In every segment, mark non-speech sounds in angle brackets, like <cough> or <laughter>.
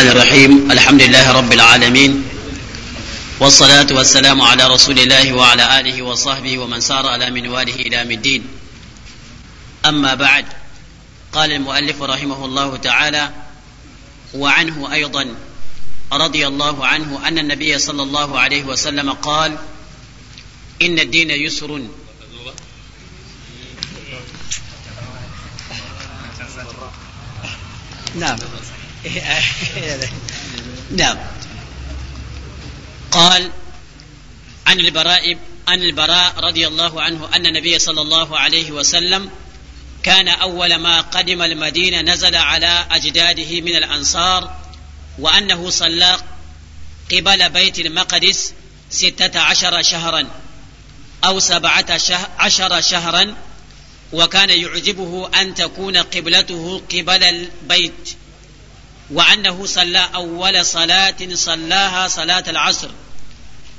الرحمن الرحيم الحمد لله رب العالمين والصلاة والسلام على رسول الله وعلى آله وصحبه ومن سار على منواله إلى الدين أما بعد قال المؤلف رحمه الله تعالى وعنه أيضا رضي الله عنه أن النبي صلى الله عليه وسلم قال إن الدين يسر نعم <laughs> نعم قال عن البراء عن البراء رضي الله عنه أن النبي صلى الله عليه وسلم كان أول ما قدم المدينة نزل على أجداده من الأنصار وأنه صلى قبل بيت المقدس ستة عشر شهرا أو سبعة عشر شهرا وكان يعجبه أن تكون قبلته قبل البيت وأنه صلى أول صلاة صلاها صلاة العصر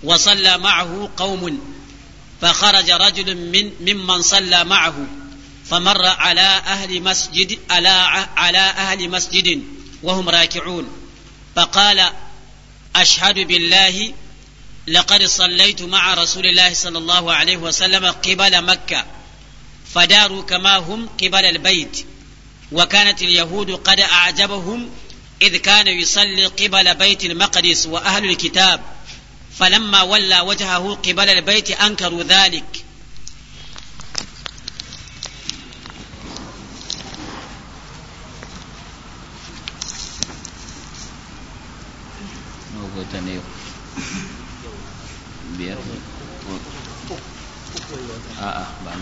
وصلى معه قوم فخرج رجل من ممن صلى معه فمر على أهل مسجد على على أهل مسجد وهم راكعون فقال أشهد بالله لقد صليت مع رسول الله صلى الله عليه وسلم قبل مكة فداروا كما هم قبل البيت وكانت اليهود قد أعجبهم إذ كان يصلي قبل بيت المقدس وأهل الكتاب فلما ولى وجهه قبل البيت أنكروا ذلك آه، آه،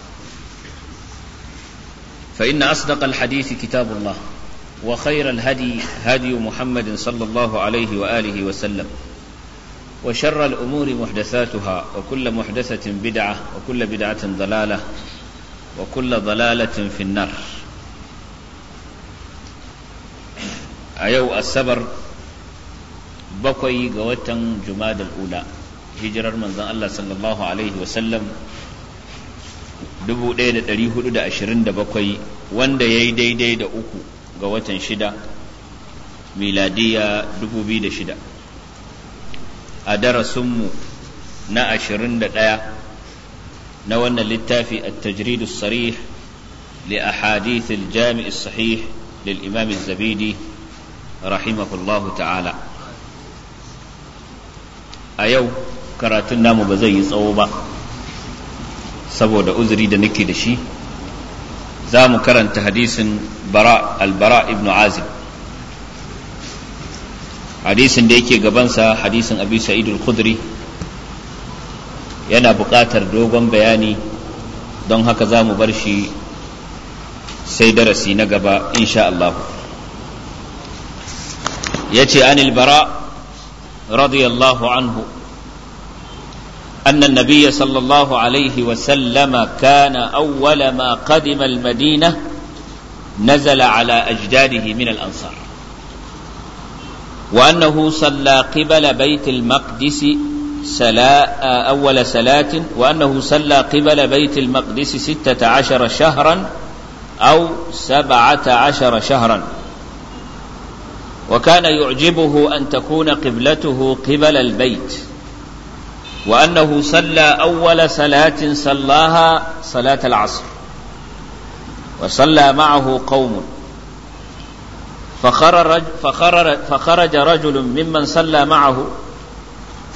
فإن أصدق الحديث كتاب الله وخير الهدي هدي محمد صلى الله عليه وآله وسلم وشر الأمور محدثاتها وكل محدثة بدعة وكل بدعة ضلالة وكل ضلالة في النار أيو السبر بقي قوة جماد الأولى هجر من الله صلى الله عليه وسلم 1427 wanda ya yi daidai da uku ga watan shida miladiya 2006 a darasinmu na 21 na wannan littafi a tajridu sarih li ahadith al-jami' sahih lil imam zabidi rahimahullahu ta'ala a yau karatun namu ba zai yi tsawo ba saboda uzuri da nake da shi za mu karanta hadisin albara ibn azib hadisin da yake gabansa hadisin abu sa'id al-khudri yana buƙatar dogon bayani don haka za mu bar shi sai darasi na gaba insha Allah ya ce an albara radiyallahu anhu أن النبي صلى الله عليه وسلم كان أول ما قدم المدينة نزل على أجداده من الأنصار وأنه صلى قبل بيت المقدس سلا أول سلاة وأنه صلى قبل بيت المقدس ستة عشر شهرا أو سبعة عشر شهرا وكان يعجبه أن تكون قبلته قبل البيت وأنه صلى أول صلاة صلاها صلاة العصر وصلى معه قوم فخرج, فخرج, فخرج رجل ممن صلى معه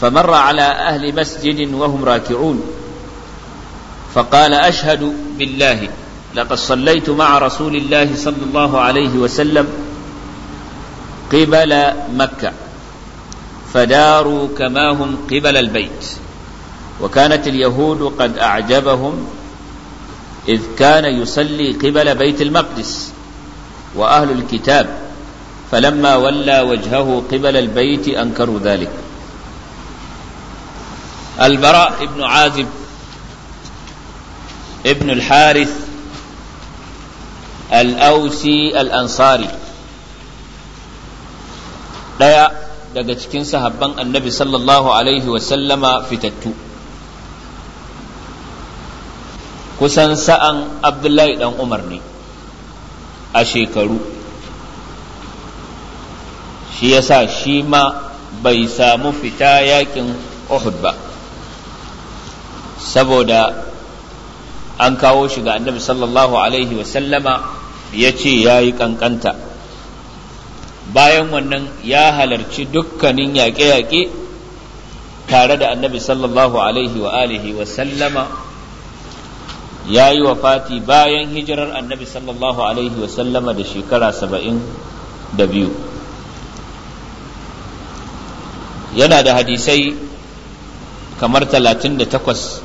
فمر على أهل مسجد وهم راكعون فقال أشهد بالله لقد صليت مع رسول الله صلى الله عليه وسلم قبل مكة فداروا كما هم قبل البيت وكانت اليهود قد أعجبهم إذ كان يصلي قبل بيت المقدس وأهل الكتاب فلما ولى وجهه قبل البيت أنكروا ذلك البراء بن عازب ابن الحارث الأوسي الأنصاري daga cikin sahabban annabi sallallahu alaihi wasallama fitattu kusan sa'an abdullahi dan umar ne a shekaru shi yasa shi ma bai samu fita yakin uhud ba saboda an kawo shi ga annabi sallallahu alaihi wasallama ya ce ya yi kankanta bayan wannan ya halarci dukkanin yaƙe-yaƙe tare da annabi sallallahu alaihi wa alihi wa sallama ya yi Fati bayan hijirar annabi sallallahu alaihi wa sallama da shekara saba'in da biyu yana da hadisai kamar talatin da takwas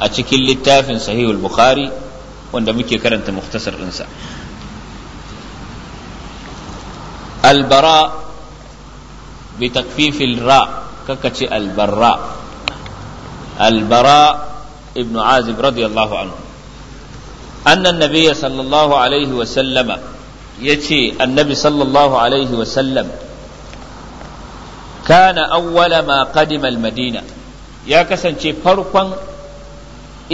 a cikin littafin sahihul bukhari wanda muke karanta muktasar ɗinsa. albara bi takfifil ra albara ibn azib radiyallahu anhu annan sallallahu alaihi yace annabi sallallahu alaihi kana awwala makadimal qadima madina ya kasance farkon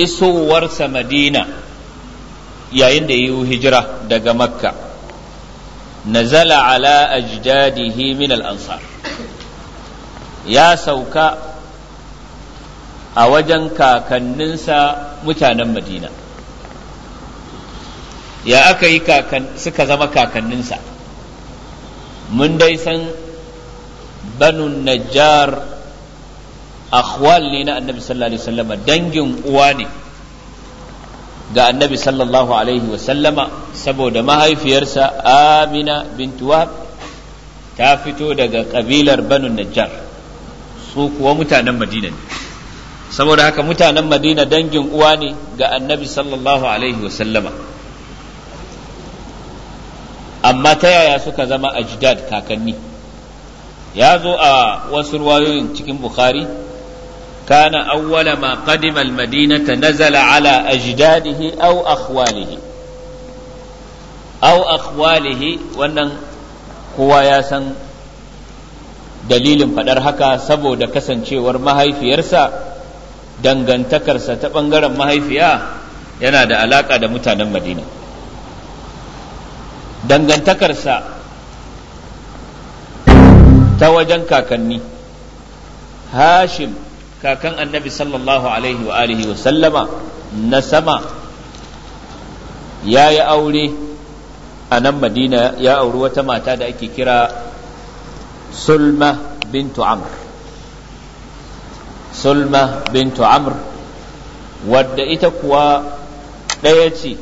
isowarsa madina yayin da yi hijira daga makka nazala ala ajdadihi min ansar ya sauka a wajen kakanninsa mutanen madina ya aka yi suka zama kakanninsa mun dai san banu najjar akhwal ne na annabi sallallahu alaihi dangin uwa ne ga annabi sallallahu alaihi wasallama saboda mahaifiyarsa amina bintu wahab ta fito daga kabilar banu najjar su kuwa mutanen madina ne saboda haka mutanen madina dangin uwa ne ga annabi sallallahu alaihi wasallama amma ta yaya suka zama ajdad kakanni ya zo a wasu ruwayoyin cikin bukhari kana awwala ma qadima al-madinata nazala ala ajdadihi au akhwalihi aw akhwalihi wannan kowa ya san dalilin fadar haka saboda kasancewar mahaifiyarsa dangantakarsa ta ɓangaren mahaifiya yana da alaƙa da mutanen madina dangantakarsa ta wajen kakanni hashim kakan annabi sallallahu alaihi wa alihi wa sallama na sama ya yi aure a nan madina ya auri wata mata da ake kira sulma bintu amr sulma bintu amr wadda ita kuwa ɗaya ce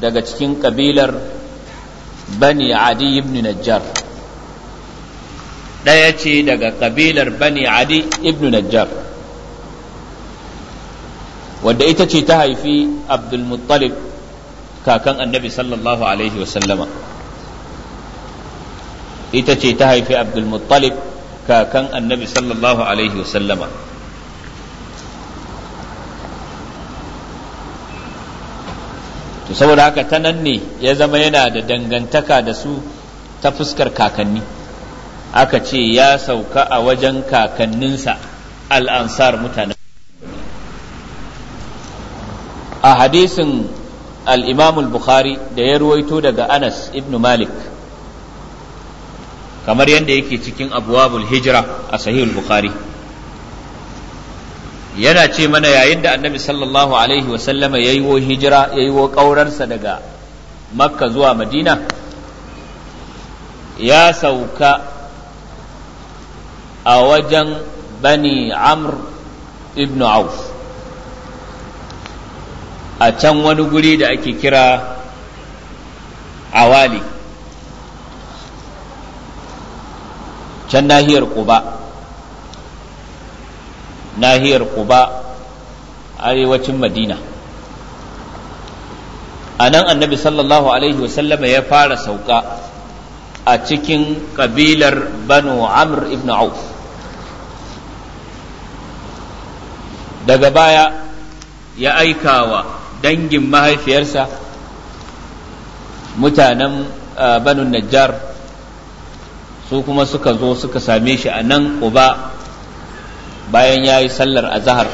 daga cikin ƙabilar bani adi ibn najjar ɗaya ce daga kabilar bani adi ibn najjar wadda ita ce ta haifi abdulmuttalib kakan annabi sallallahu alaihi wasallama ita ce ta haifi abdulmuttalib kakan annabi sallallahu alaihi wasallama to saboda haka ta nan ne ya zama yana da dangantaka da su ta fuskar kakanni aka ce ya sauka a wajen kakanninsa al'ansar mutanen a hadisin al bukhari da ya ruwaito daga anas ibn malik kamar yadda yake cikin abuwabul hijira a sahihul bukhari yana ce mana yayin da annabi sallallahu alaihi wasallama ya yi wo hijira ya yi wo ƙaurarsa daga makka zuwa madina ya sauka a wajen bani amr ibn auf a can wani guri da ake kira awali can nahiyar kuba nahiyar kuba arewacin madina a nan annabi sallallahu alaihi wasallam ya fara sauka a cikin kabilar banu amr ibn auf daga baya ya aika wa dangin mahaifiyarsa mutanen uh, banu najjar su kuma suka zo suka same shi a nan uba bayan ya yi sallar azahar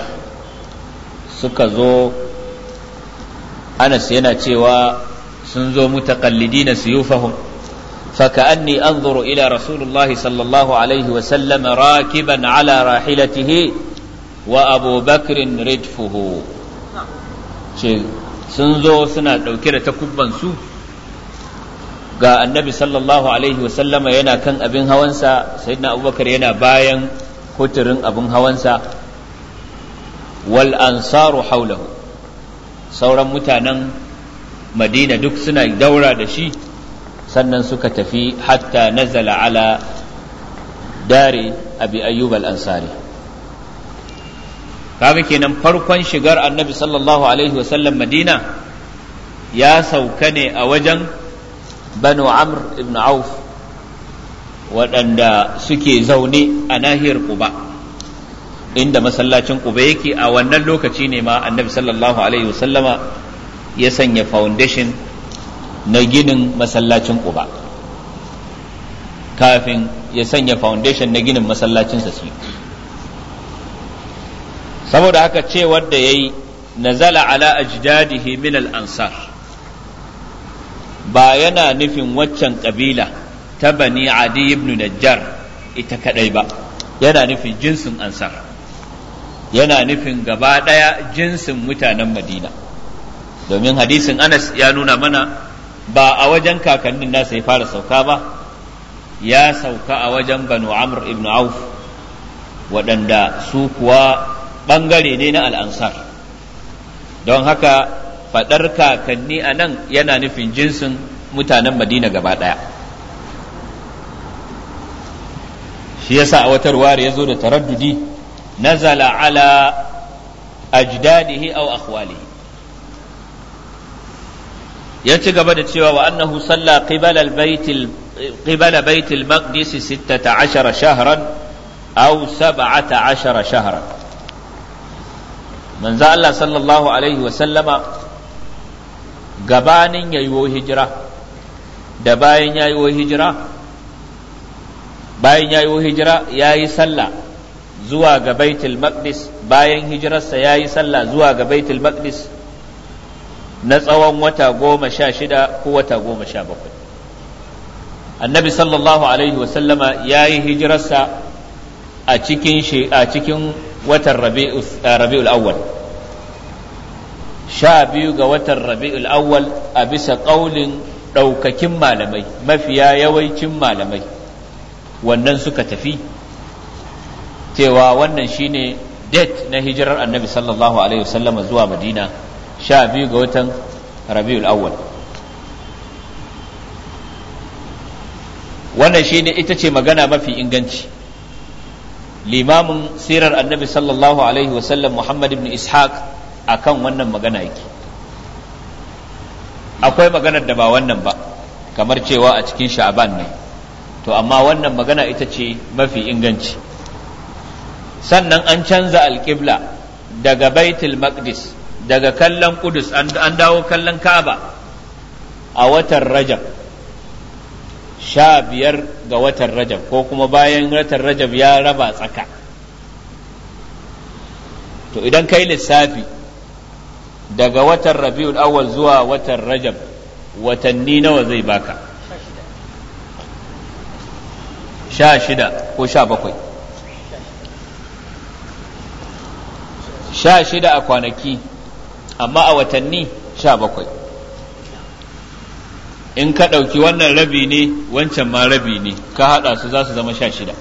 suka zo anas yana cewa sun zo mutaƙallidina siyufahum فكأني أنظر إلى رسول الله صلى الله عليه وسلم راكبا على راحلته wa abubakrin ridfuhu ce sun zo suna ɗauke da takubbansu ga annabi sallallahu alaihi wasallama yana kan abin hawansa sayyidina abubakar yana bayan kuturin abin hawansa wal ansaru haulahu sauran mutanen madina duk suna daura da shi sannan suka tafi hatta nazala ala dare abi ayyub al ansari kaga kenan farkon shigar annabi sallallahu alaihi wasallam madina ya sauka ne a wajen banu amr ibn auf waɗanda suke zaune a nahiyar quba inda masallacin quba yake a wannan lokaci ne ma annabi sallallahu alaihi wasallama ya sanya foundation na ginin masallacin quba kafin ya sanya foundation na ginin masallacinsa su saboda haka ce wanda yayi nazala ala ajdadihi min al ansar ba yana nufin waccan kabila ta bani adi ibn najjar ita kadai ba yana nufin jinsin ansar yana nufin gaba ɗaya jinsin mutanen madina domin hadisin anas ya nuna mana ba a wajen kakannin nasa ya fara sauka ba ya sauka a wajen banu amr ibn auf waɗanda su kuwa ɓangare ne na al'ansar don haka faɗar kakanni a nan yana nufin jinsin mutanen madina gaba ɗaya shi yasa a watar wari ya zo da taraddudi nazala ala ajdadihi aw akhwalihi ya ci gaba da cewa wa annahu salla qibala baitul qibala baitil maqdis 16 shahran aw 17 shahran manzo Allah sallallahu alaihi wasallama gabanin yayiwo hijira da bayan yayiwo hijira bayan yayiwo hijira yayi sallah zuwa ga baitul maqdis bayan hijirarsa yayi sallah zuwa ga baitul maqdis na tsawon wata goma sha shida ko wata goma sha bakwai annabi sallallahu alaihi wasallama ya yi hijirarsa a cikin watan eh, rabi'ul awwal sha biyu ga watan rabi'ul awwal a bisa ƙaulin ɗaukakin malamai mafiya yawancin malamai wannan suka tafi cewa wannan shine date na hijirar annabi sallallahu alaihi wasallama zuwa madina sha biyu ga watan rabi'ul awwal wannan shine ita ce magana mafi inganci limamin sirar annabi sallallahu alaihi wasallam muhammad ibn ishaq akan wannan magana yake akwai maganar da ba wannan ba kamar cewa a cikin sha'aban ne to amma wannan magana ita ce mafi inganci sannan an canza alƙibla daga baitul maqdis daga kallon kudus an dawo kallon Ka'aba a watan rajab sha biyar ga watan rajab ko kuma bayan watan rajab ya raba tsaka to idan kai lissafi daga watan rabiul awal zuwa watan rajab watanni nawa zai baka sha shida ko sha bakwai sha shida a kwanaki amma a watanni sha bakwai in ka ɗauki wannan rabi ne wancan ma rabi ne ka haɗa su za su zama sha shida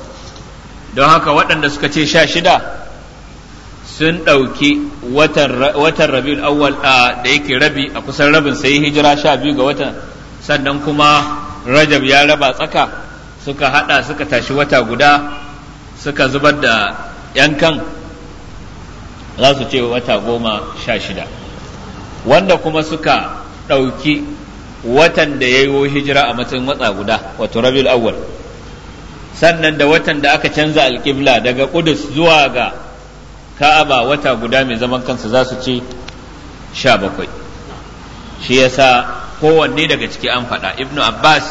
don haka waɗanda suka ce sha shida sun ɗauki watan rabin awwal da yake rabi a kusan rabin sai hijira sha biyu ga watan sannan kuma rajab ya raba tsaka suka haɗa suka tashi wata guda suka zubar da yankan za su ce wata goma sha shida wanda kuma suka ɗauki watan da yayo hijira a matsayin watsa guda wato rabiul awwal sannan da watan da aka canza alƙibla daga Kudus zuwa ga Ka'aba wata guda mai zaman kansa za su ce sha bakwai shi yasa kowanne daga ciki an faɗa ibnu Abbas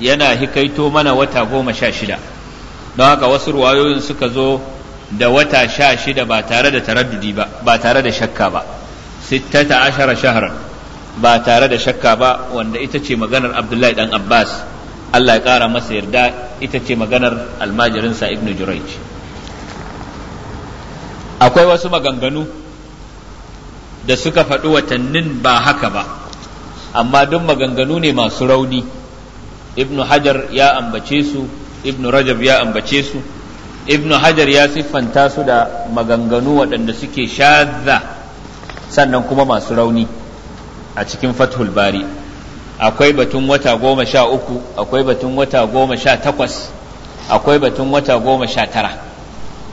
yana hikaito mana wata goma sha shida don haka wasu ruwayoyin suka zo da wata sha shida ba tare da taraddudi ba ba tare da shakka ba sittata ashara shahran ba tare da shakka ba wanda ita ce maganar abdullahi dan abbas allah ya kara masa yarda ita ce maganar almajirinsa ibn juraij akwai wasu maganganu da suka faɗi watannin ba haka ba amma duk maganganu ne masu rauni ibn hajar ya ambace su ibn rajab ya ambace su ibn hajar ya siffanta su da maganganu waɗanda suke shadda sannan kuma masu rauni a cikin fathul bari akwai batun wata goma sha uku akwai batun wata goma sha takwas akwai batun wata goma sha tara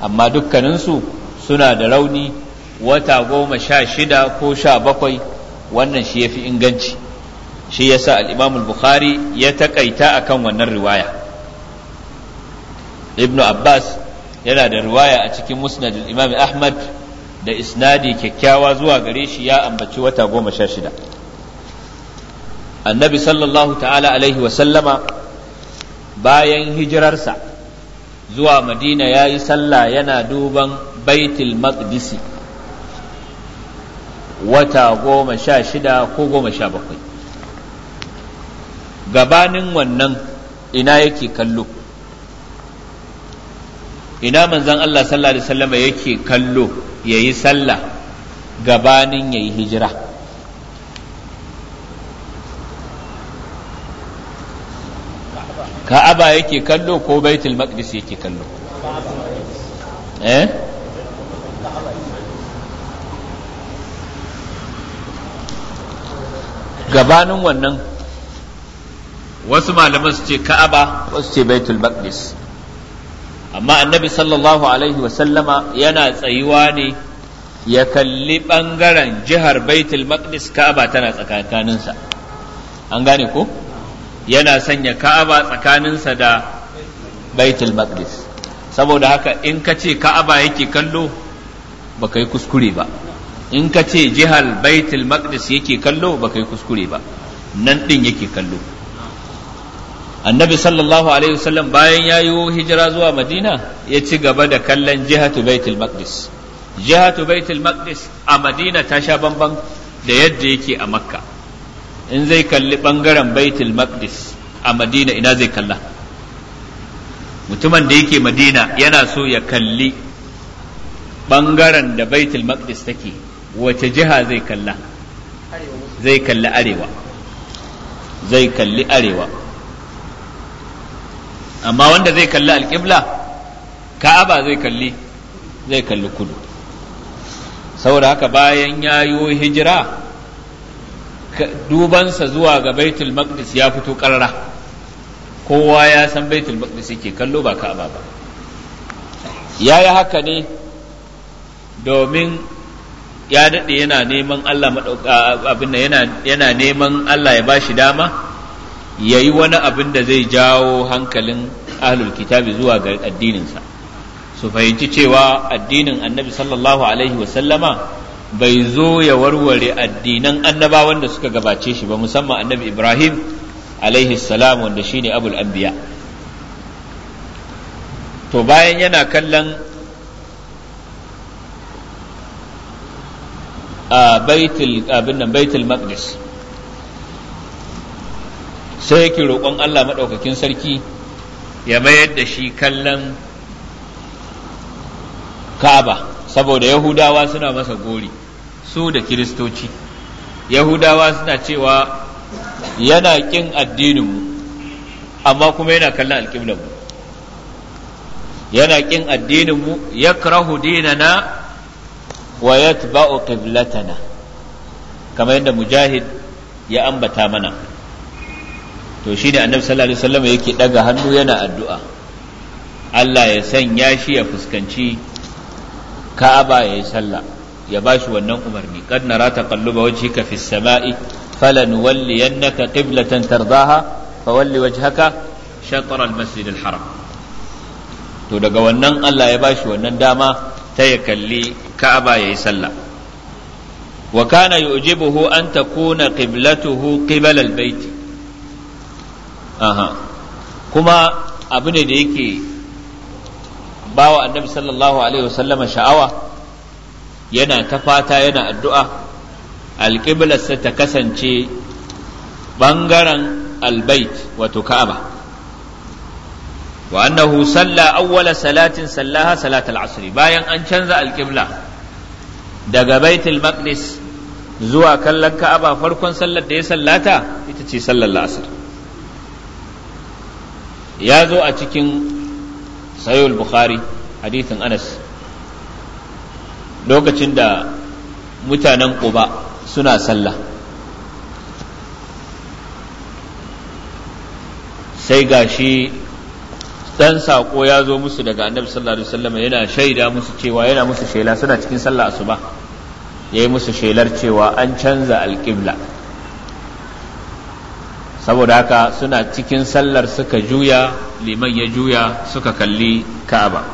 amma dukkaninsu suna da rauni wata goma sha shida ko sha bakwai wannan shi ya fi inganci shi ya sa al'imamul bukhari ya taƙaita a kan wannan riwaya ibnu abbas yana da riwaya a cikin musnad imam ahmad da isnadi kyakkyawa zuwa gare shi ya ambaci wata goma sha shida annabi sallallahu ta'ala alaihi wasallama bayan hijirarsa zuwa madina ya yi sallah yana duban baitul maqdisi wata goma sha shida ko goma sha bakwai gabanin wannan ina yake kallo ina manzan Allah sallallahu alaihi wasallama yake kallo ya yi sallah gabanin ya yi hijira ka'aba yake kallo ko baitul maqdis yake kallo eh? gabanin wannan wasu malaman su ce ka'aba wasu ce baitul maqdis amma annabi sallallahu alaihi wasallama yana tsayuwa ne ya kalli ɓangaren jihar baitul maqdis ka'aba tana tsakaninsa an gane ko yana sanya ka'aba tsakaninsa da baitul maqdis saboda haka in ka ce ka'aba yake kallo ba ka yi kuskure ba in ka ce jihar baitul maqdis yake kallo ba ka yi kuskure ba nan ɗin yake kallo annabi sallallahu alaihi wasallam bayan ya yi hijira zuwa madina ya ci gaba da kallon jihatu baitul maqdis jihatu baitul maqdis a madina ta sha bamban da yadda yake a makka in zai kalli bangaren baitul maqdis a madina ina zai kalla mutumin da yake madina yana so ya kalli bangaren da baitul maqdis take wace jiha zai kalla zai kalli arewa zai kalli arewa amma wanda zai kalli alƙibla ka'aba zai kalli zai kalli kudu saboda haka bayan ya yi hijira dubansa zuwa ga baitul maqdis ya fito ƙarara. kowa ya san baitul maqdis yake kallo ba ka'aba ba ya yi haka ne domin ya daɗe yana neman Allah yana neman Allah ya bashi dama yayi wani abin da zai jawo hankalin ahlul kitabi zuwa ga addininsa su fahimci cewa addinin annabi sallallahu alaihi wasallama bai zo ya warware addinan annabawan da suka gabace shi ba musamman annabi ibrahim alaihi salam wanda shine abul anbiya to bayan yana kallon baitul abin nan baitul maqdis sai yake roƙon Allah maɗaukakin sarki ya mayar da shi kallon Ka'aba saboda Yahudawa suna masa gori su da Kiristoci Yahudawa suna cewa yana ƙin addininmu amma kuma yana kallon alƙiblanmu yana ƙin addininmu ya karahu dinana wa yatba'u na. kamar yadda mujahid ya ambata mana to shi ne annabi sallallahu alaihi wasallam yake daga hannu yana addu'a Allah ya sanya shi ya fuskanci Ka'aba ya yi sallah ya shi wannan umarni qad nara taqalluba wajhika fis sama'i falanuwalliyannaka qiblatan tardaha walli wajhaka shatr al masjid al haram to daga wannan Allah ya bashi wannan dama ta ya kalli Ka'aba ya yi sallah wa kana yujibuhu an takuna qiblatuhu qibala al baiti kuma abu ne da yake bawa annabi sallallahu alaihi wasallama sha'awa yana ta fata yana addu'a alƙiblarsa ta kasance ɓangaren albait wato ka'aba wa annahu salla awwala salatin sallaha salatul asr bayan an canza alƙibla daga baitul maqdis zuwa kallon ka'aba farkon sallar da ya sallata ita ce sallar asr ya zo a cikin sayul bukhari hadithin anas lokacin da mutanen kuba suna sallah sai gashi dan sako ya zo musu daga annabi sallallahu alaihi wasallam yana shaida musu cewa yana musu shela suna cikin sallah asuba yayi musu shelar cewa an canza alqibla saboda haka suna cikin sallar suka juya liman ya juya suka kalli ka'aba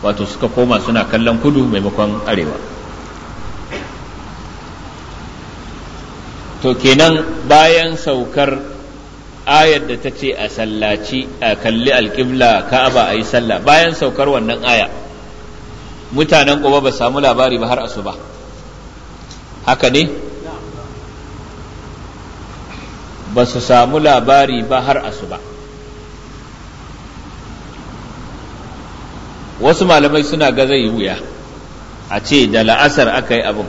wato suka koma suna kallon kudu maimakon arewa to kenan bayan saukar ayar da ta ce a sallaci a kalli alƙibla ka'aba a yi sallah bayan saukar wannan aya mutanen ƙoba ba samu labari ba har asuba haka ne ba su samu labari ba har asuba wasu malamai suna ga zai wuya a ce da la'asar aka yi abin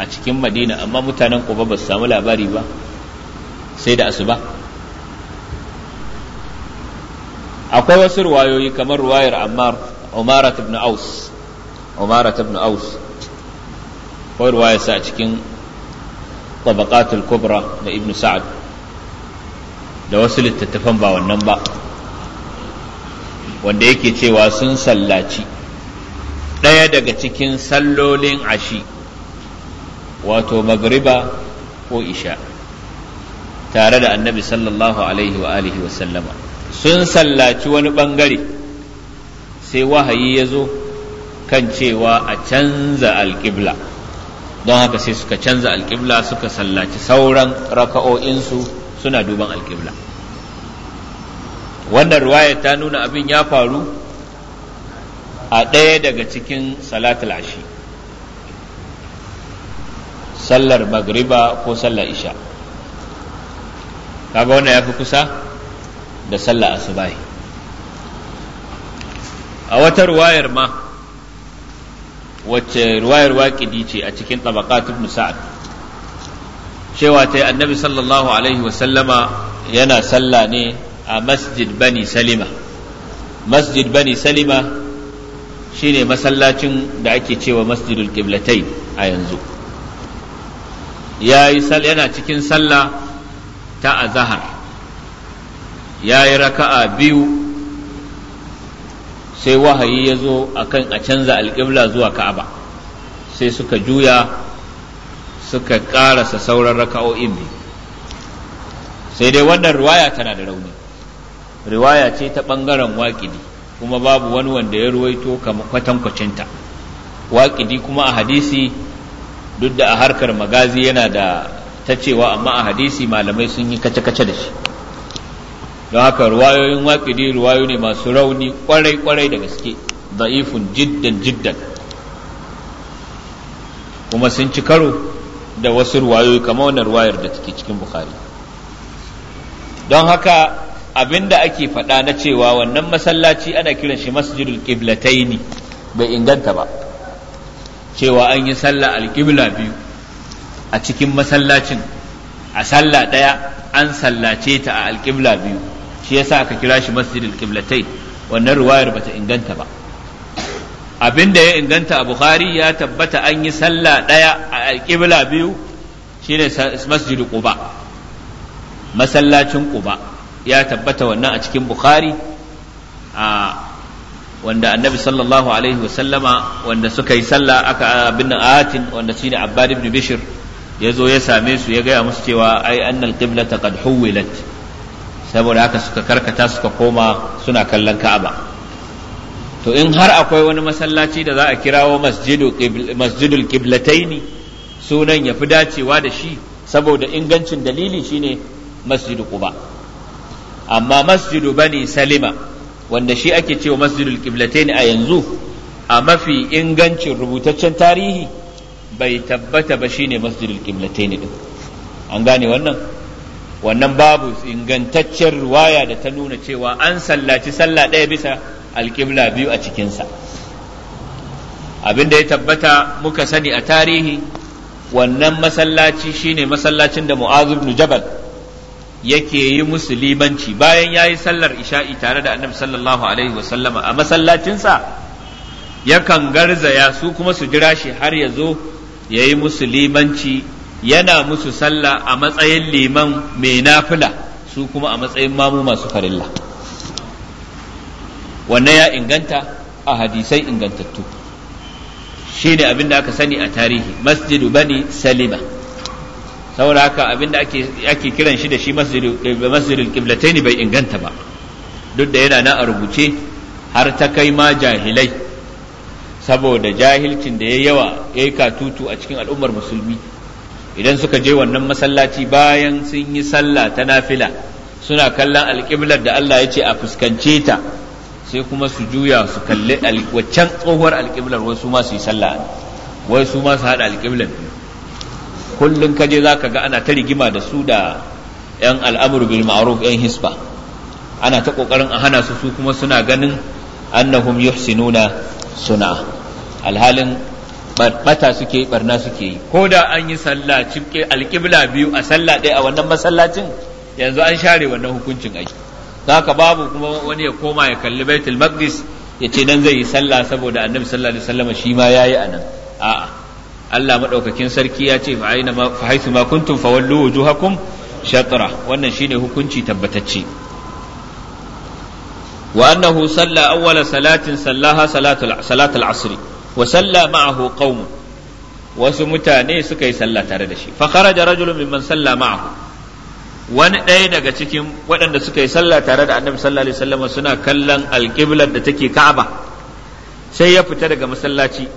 a cikin madina amma mutanen kuma ba su samu labari ba sai da asuba akwai wasu ruwayoyi kamar ruwayar ammar umarat ibn aus umarat ibn aus akwai ruwayarsa a cikin tabaqatul kubra na ibn sa'ad da wasu littattafan ba wannan ba wanda yake cewa sun sallaci ɗaya daga cikin sallolin ashi wato magriba ko isha tare da annabi sallallahu alaihi wa alihi wa sallama sun sallaci wani ɓangare sai wahayi ya zo kan cewa a canza alƙibla don haka sai suka canza alƙibla suka sallaci sauran raka'o'insu suna duban alƙibla wannan ruwaya ta nuna abin ya faru a ɗaya daga cikin salatul ashi sallar magriba ko sallar isha kaga wannan ya fi kusa da sallar asubahi a wata ruwayar ma wacce ruwayar waƙidi ce a cikin tabaqat musa'ad cewa ta yi annabi sallallahu alaihi wasallama yana salla ne a masjid bani salima masjid bani salima shine masallacin da ake cewa masjidul qiblatain a yanzu yana cikin salla ta azahar ya yi raka'a biyu sai wahayi ya zo a kan a canza alƙibla zuwa ka'aba sai suka juya suka ƙarasa sauran raka'o'in biyu sai dai wannan riwaya tana da rauni riwaya ce ta ɓangaren waƙidi kuma babu wani wanda ya ruwaito kwatankwacinta waƙidi kuma a hadisi duk da a harkar magazi yana da ta cewa amma a hadisi malamai sun yi kace-kace da shi don haka ruwayoyin waƙidi ruwayo ne masu rauni kwarai-kwarai da gaske da'ifun jiddan jiddan kuma sun ci karo da wasu ruwayoyi kamar wannan ruwayar da take cikin bukhari don haka abinda ake faɗa na cewa wannan masallaci ana kiran shi masjidul qiblataini bai inganta ba cewa an yi sallah alƙibla biyu a cikin masallacin a sallah ɗaya an sallace ta a alƙibla biyu shi yasa aka kira shi masjidul qiblatain wannan ruwayar bata inganta ba abinda ya inganta a bukhari ya tabbata an yi sallah ɗaya a ƙibla biyu shine masjidu quba masallacin quba ya tabbata wannan a cikin bukhari a wanda annabi sallallahu alaihi wasallama wanda suka yi sallah aka abin atin wanda shine abbad ibn bishr ya zo ya same su ya gaya musu cewa ai annal qiblata qad huwilat saboda haka suka karkata suka koma suna kallon ka'aba to in har akwai wani masallaci da za a kirawo masjidul kiblataini sunan ya fi dacewa da shi saboda ingancin dalili shine masjidu quba amma masjidu bani salima wanda shi ake cewa masjidul kiblataini a yanzu a mafi ingancin rubutaccen tarihi bai tabbata ba shine masjidul kiblataini din an gane wannan wannan babu ingantaccen ruwaya da ta nuna cewa an sallaci sallah ɗaya bisa alƙibla biyu a cikinsa abinda ya tabbata muka sani a tarihi wannan masallaci shine masallacin da mu'azu ibn jabal yake yi musulmanci bayan ya yi sallar isha'i tare da annabi sallallahu alaihi wasallama a masallacinsa yakan garzaya su kuma su jira shi har ya zo ya yi musulmanci yana musu sallah a matsayin liman mai nafila su kuma a matsayin mamu masu farilla wannan ya inganta a hadisai ingantattu shi ne abin da aka sani a tarihi masjidu bani salima saboda haka abin da ake kiran shi da shi eh, masjidul ne bai inganta ba duk da yana nan a rubuce har ta kai ma jahilai saboda jahilcin da ya yawa ya yi katutu a cikin al'ummar musulmi idan suka je wannan masallaci bayan sun yi sallah ta nafila suna kallon alƙiblar da Allah ya ce a fuskance ta sai kuma su juya su kalli waccan tsohuwar alƙiblar wasu ma su yi sallah wai su ma su haɗa alƙiblar kullum kaje za ka ga ana ta rigima da su da 'yan al'amur bil ma'ruf 'yan hisba ana ta ƙoƙarin a hana su su kuma suna ganin annahum nuna suna alhalin bata suke barna suke yi ko da an yi sallah cikin alƙibla biyu a sallah ɗaya a wannan masallacin yanzu an share wannan hukuncin aiki haka babu kuma wani ya koma ya kalli baitul maqdis ya ce nan zai yi sallah saboda annabi sallallahu alaihi wasallam shi ma yayi nan. a'a Allah madaukakin sarki ya ce fa aina ma fa haythu ma kuntum fawallu wujuhakum shatra wannan shine hukunci tabbatacce wa annahu salla awwala salatin sallaha salatul salatul asri wa salla ma'ahu qaumun wasu mutane suka yi sallah tare da shi fa kharaja rajulun mimman salla ma'ahu wani ɗaya daga cikin waɗanda suka yi sallah tare da annabi sallallahu alaihi wasallam suna kallon alƙiblar da take ka'aba sai ya fita daga masallaci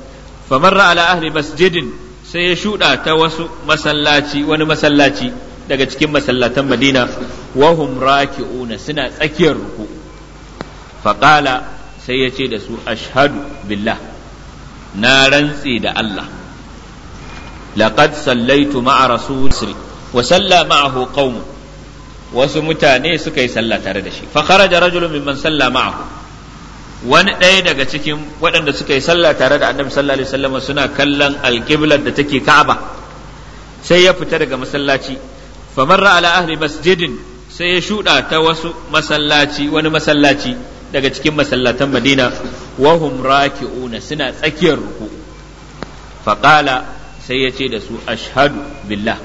famarra ala ahli masjidin sai ya shuɗa ta wasu masallaci wani masallaci daga cikin masallatan madina wahum raki'una suna tsakiyar ruku Faƙala sai ya ce da su ashhadu billah na rantsi da Allah laqad sallaitu ma'a rasul wa salla ma'ahu qaumun wasu mutane suka yi sallah tare da shi fa kharaja rajulun mimman salla ma'ahu wani ɗaya daga cikin waɗanda suka yi sallah tare da annabi sallallahu alaihi wasallam suna kallon alqiblar da take ka'aba sai ya fita daga masallaci fa marra ala ahli masjidin sai ya shuɗa ta wasu masallaci wani masallaci daga cikin masallatan madina wa hum raki'una suna tsakiyar ruku fa sai ya ce da su ashhadu billah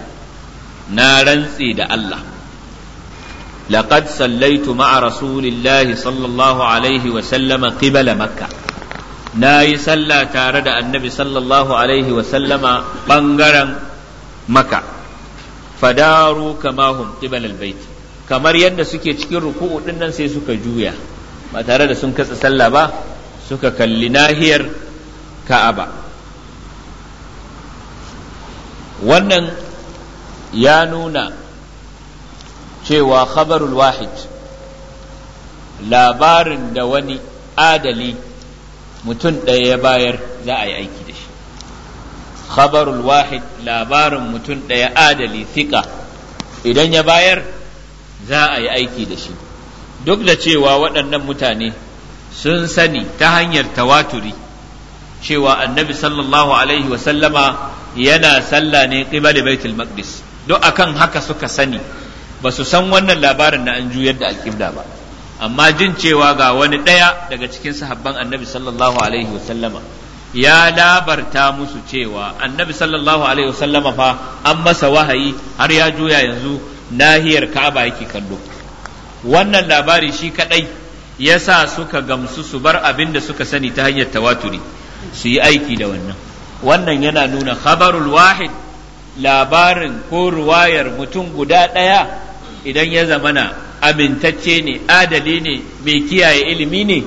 na rantsi da Allah laƙad sallaitu tu ma’a rasulun sallallahu Alaihi wasallama ƙibala makka na yi salla tare da annabi sallallahu Alaihi wasallama ɓangaren maka fadaru kama hun ƙibala albaiti kamar yadda suke cikin ruku’u ɗin nan sai suka juya ba tare da sun katsa salla ba suka kalli nahiyar ka’aba wannan ya nuna cewa khabarul wahid labarin da wani adali mutum ɗaya ya bayar za a yi aiki da shi khabarul wahid labarin mutum ɗaya adali fika idan ya bayar za a yi aiki da shi duk da cewa waɗannan mutane sun sani ta hanyar tawaturi cewa annabi sallallahu alaihi wasallama yana sallah ne qibali baitul maqdis duk akan haka suka sani ba su san wannan labarin na an juyar da alƙibla ba amma jin cewa ga wani ɗaya daga cikin sahabban annabi sallallahu alaihi wasallama ya labarta musu cewa annabi sallallahu alaihi wasallama fa an masa wahayi har ya juya yanzu nahiyar ka'aba yake kallo wannan labari shi kadai ya sa suka gamsu su bar abin da suka sani ta hanyar tawaturi su yi aiki da wannan wannan yana nuna khabarul wahid labarin ko ruwayar mutum guda ɗaya idan ya zamana amintacce ne adali ne mai kiyaye ilimi ne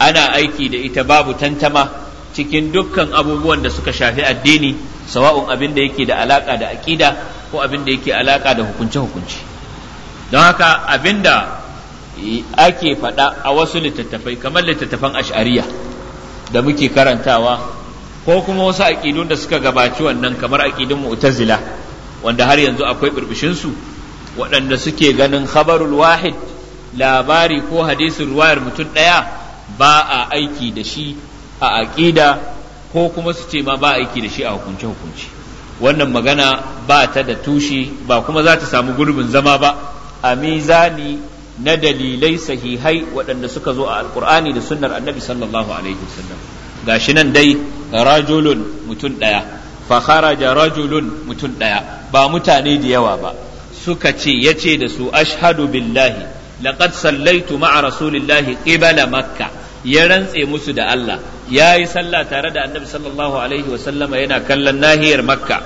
ana aiki da ita babu tantama cikin dukkan abubuwan da suka shafi addini sawa'un abin da yake da alaka da aƙida ko abin da yake alaka da hukunce-hukunce don haka abin da ake faɗa a wasu littattafai kamar littattafan ash'ariya da muke karantawa ko kuma wasu aƙidun da suka gabaci wannan kamar aƙidun mu'tazila wanda har yanzu akwai birbishinsu waɗanda suke ganin khabarul wahid labari ko hadisin wayar mutum ɗaya ba a aiki da shi a aƙida ko kuma su ce ma ba a aiki da shi a hukunce-hukunce wannan magana ba ta da tushe ba kuma za ta samu gurbin zama ba a mizani na dalilai sahihai waɗanda suka zo a alkur'ani da sunnar annabi sallallahu alaihi wasallam shi nan dai rajulun mutum ɗaya fa kharaja rajulun mutum ɗaya ba mutane da yawa ba suka ce yace da su ashhadu billahi laqad sallaitu ma'a rasulillahi qibala makka ya rantse musu da Allah ya yi sallah tare da annabi sallallahu alaihi sallama yana kallon nahiyar makka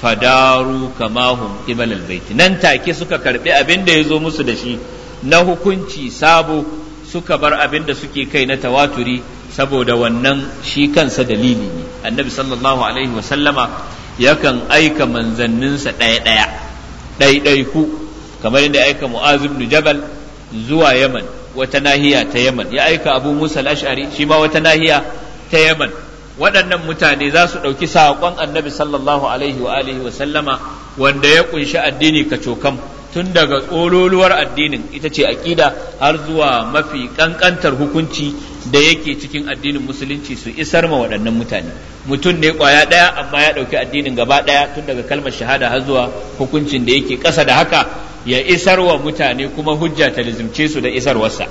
fadaru kama hum qibal albayt nan take suka karbi abin da ya zo musu da shi na hukunci sabo suka bar abin da suke kai na tawaturi saboda wannan shi kansa dalili ne annabi sallallahu alaihi sallama yakan aika manzanninsa ɗaya-ɗaya ɗaiɗaiku kamar yadda ya aika mu'azim ibn jabal zuwa yaman wata nahiya ta yaman ya aika abu musa al shi ma wata nahiya ta yaman waɗannan mutane za su ɗauki saƙon annabi sallallahu alaihi wa alihi wa sallama wanda ya ƙunshi addini kacokam tun daga tsololuwar addinin ita ce aƙida har zuwa mafi ƙanƙantar hukunci da yake cikin addinin musulunci su isar ma waɗannan mutane mutum ne ƙwaya ɗaya amma ya ɗauki addinin gaba ɗaya tun daga kalmar shahada har zuwa hukuncin da yake ƙasa da haka ya isar wa mutane kuma hujja ta lizimce su da isarwarsa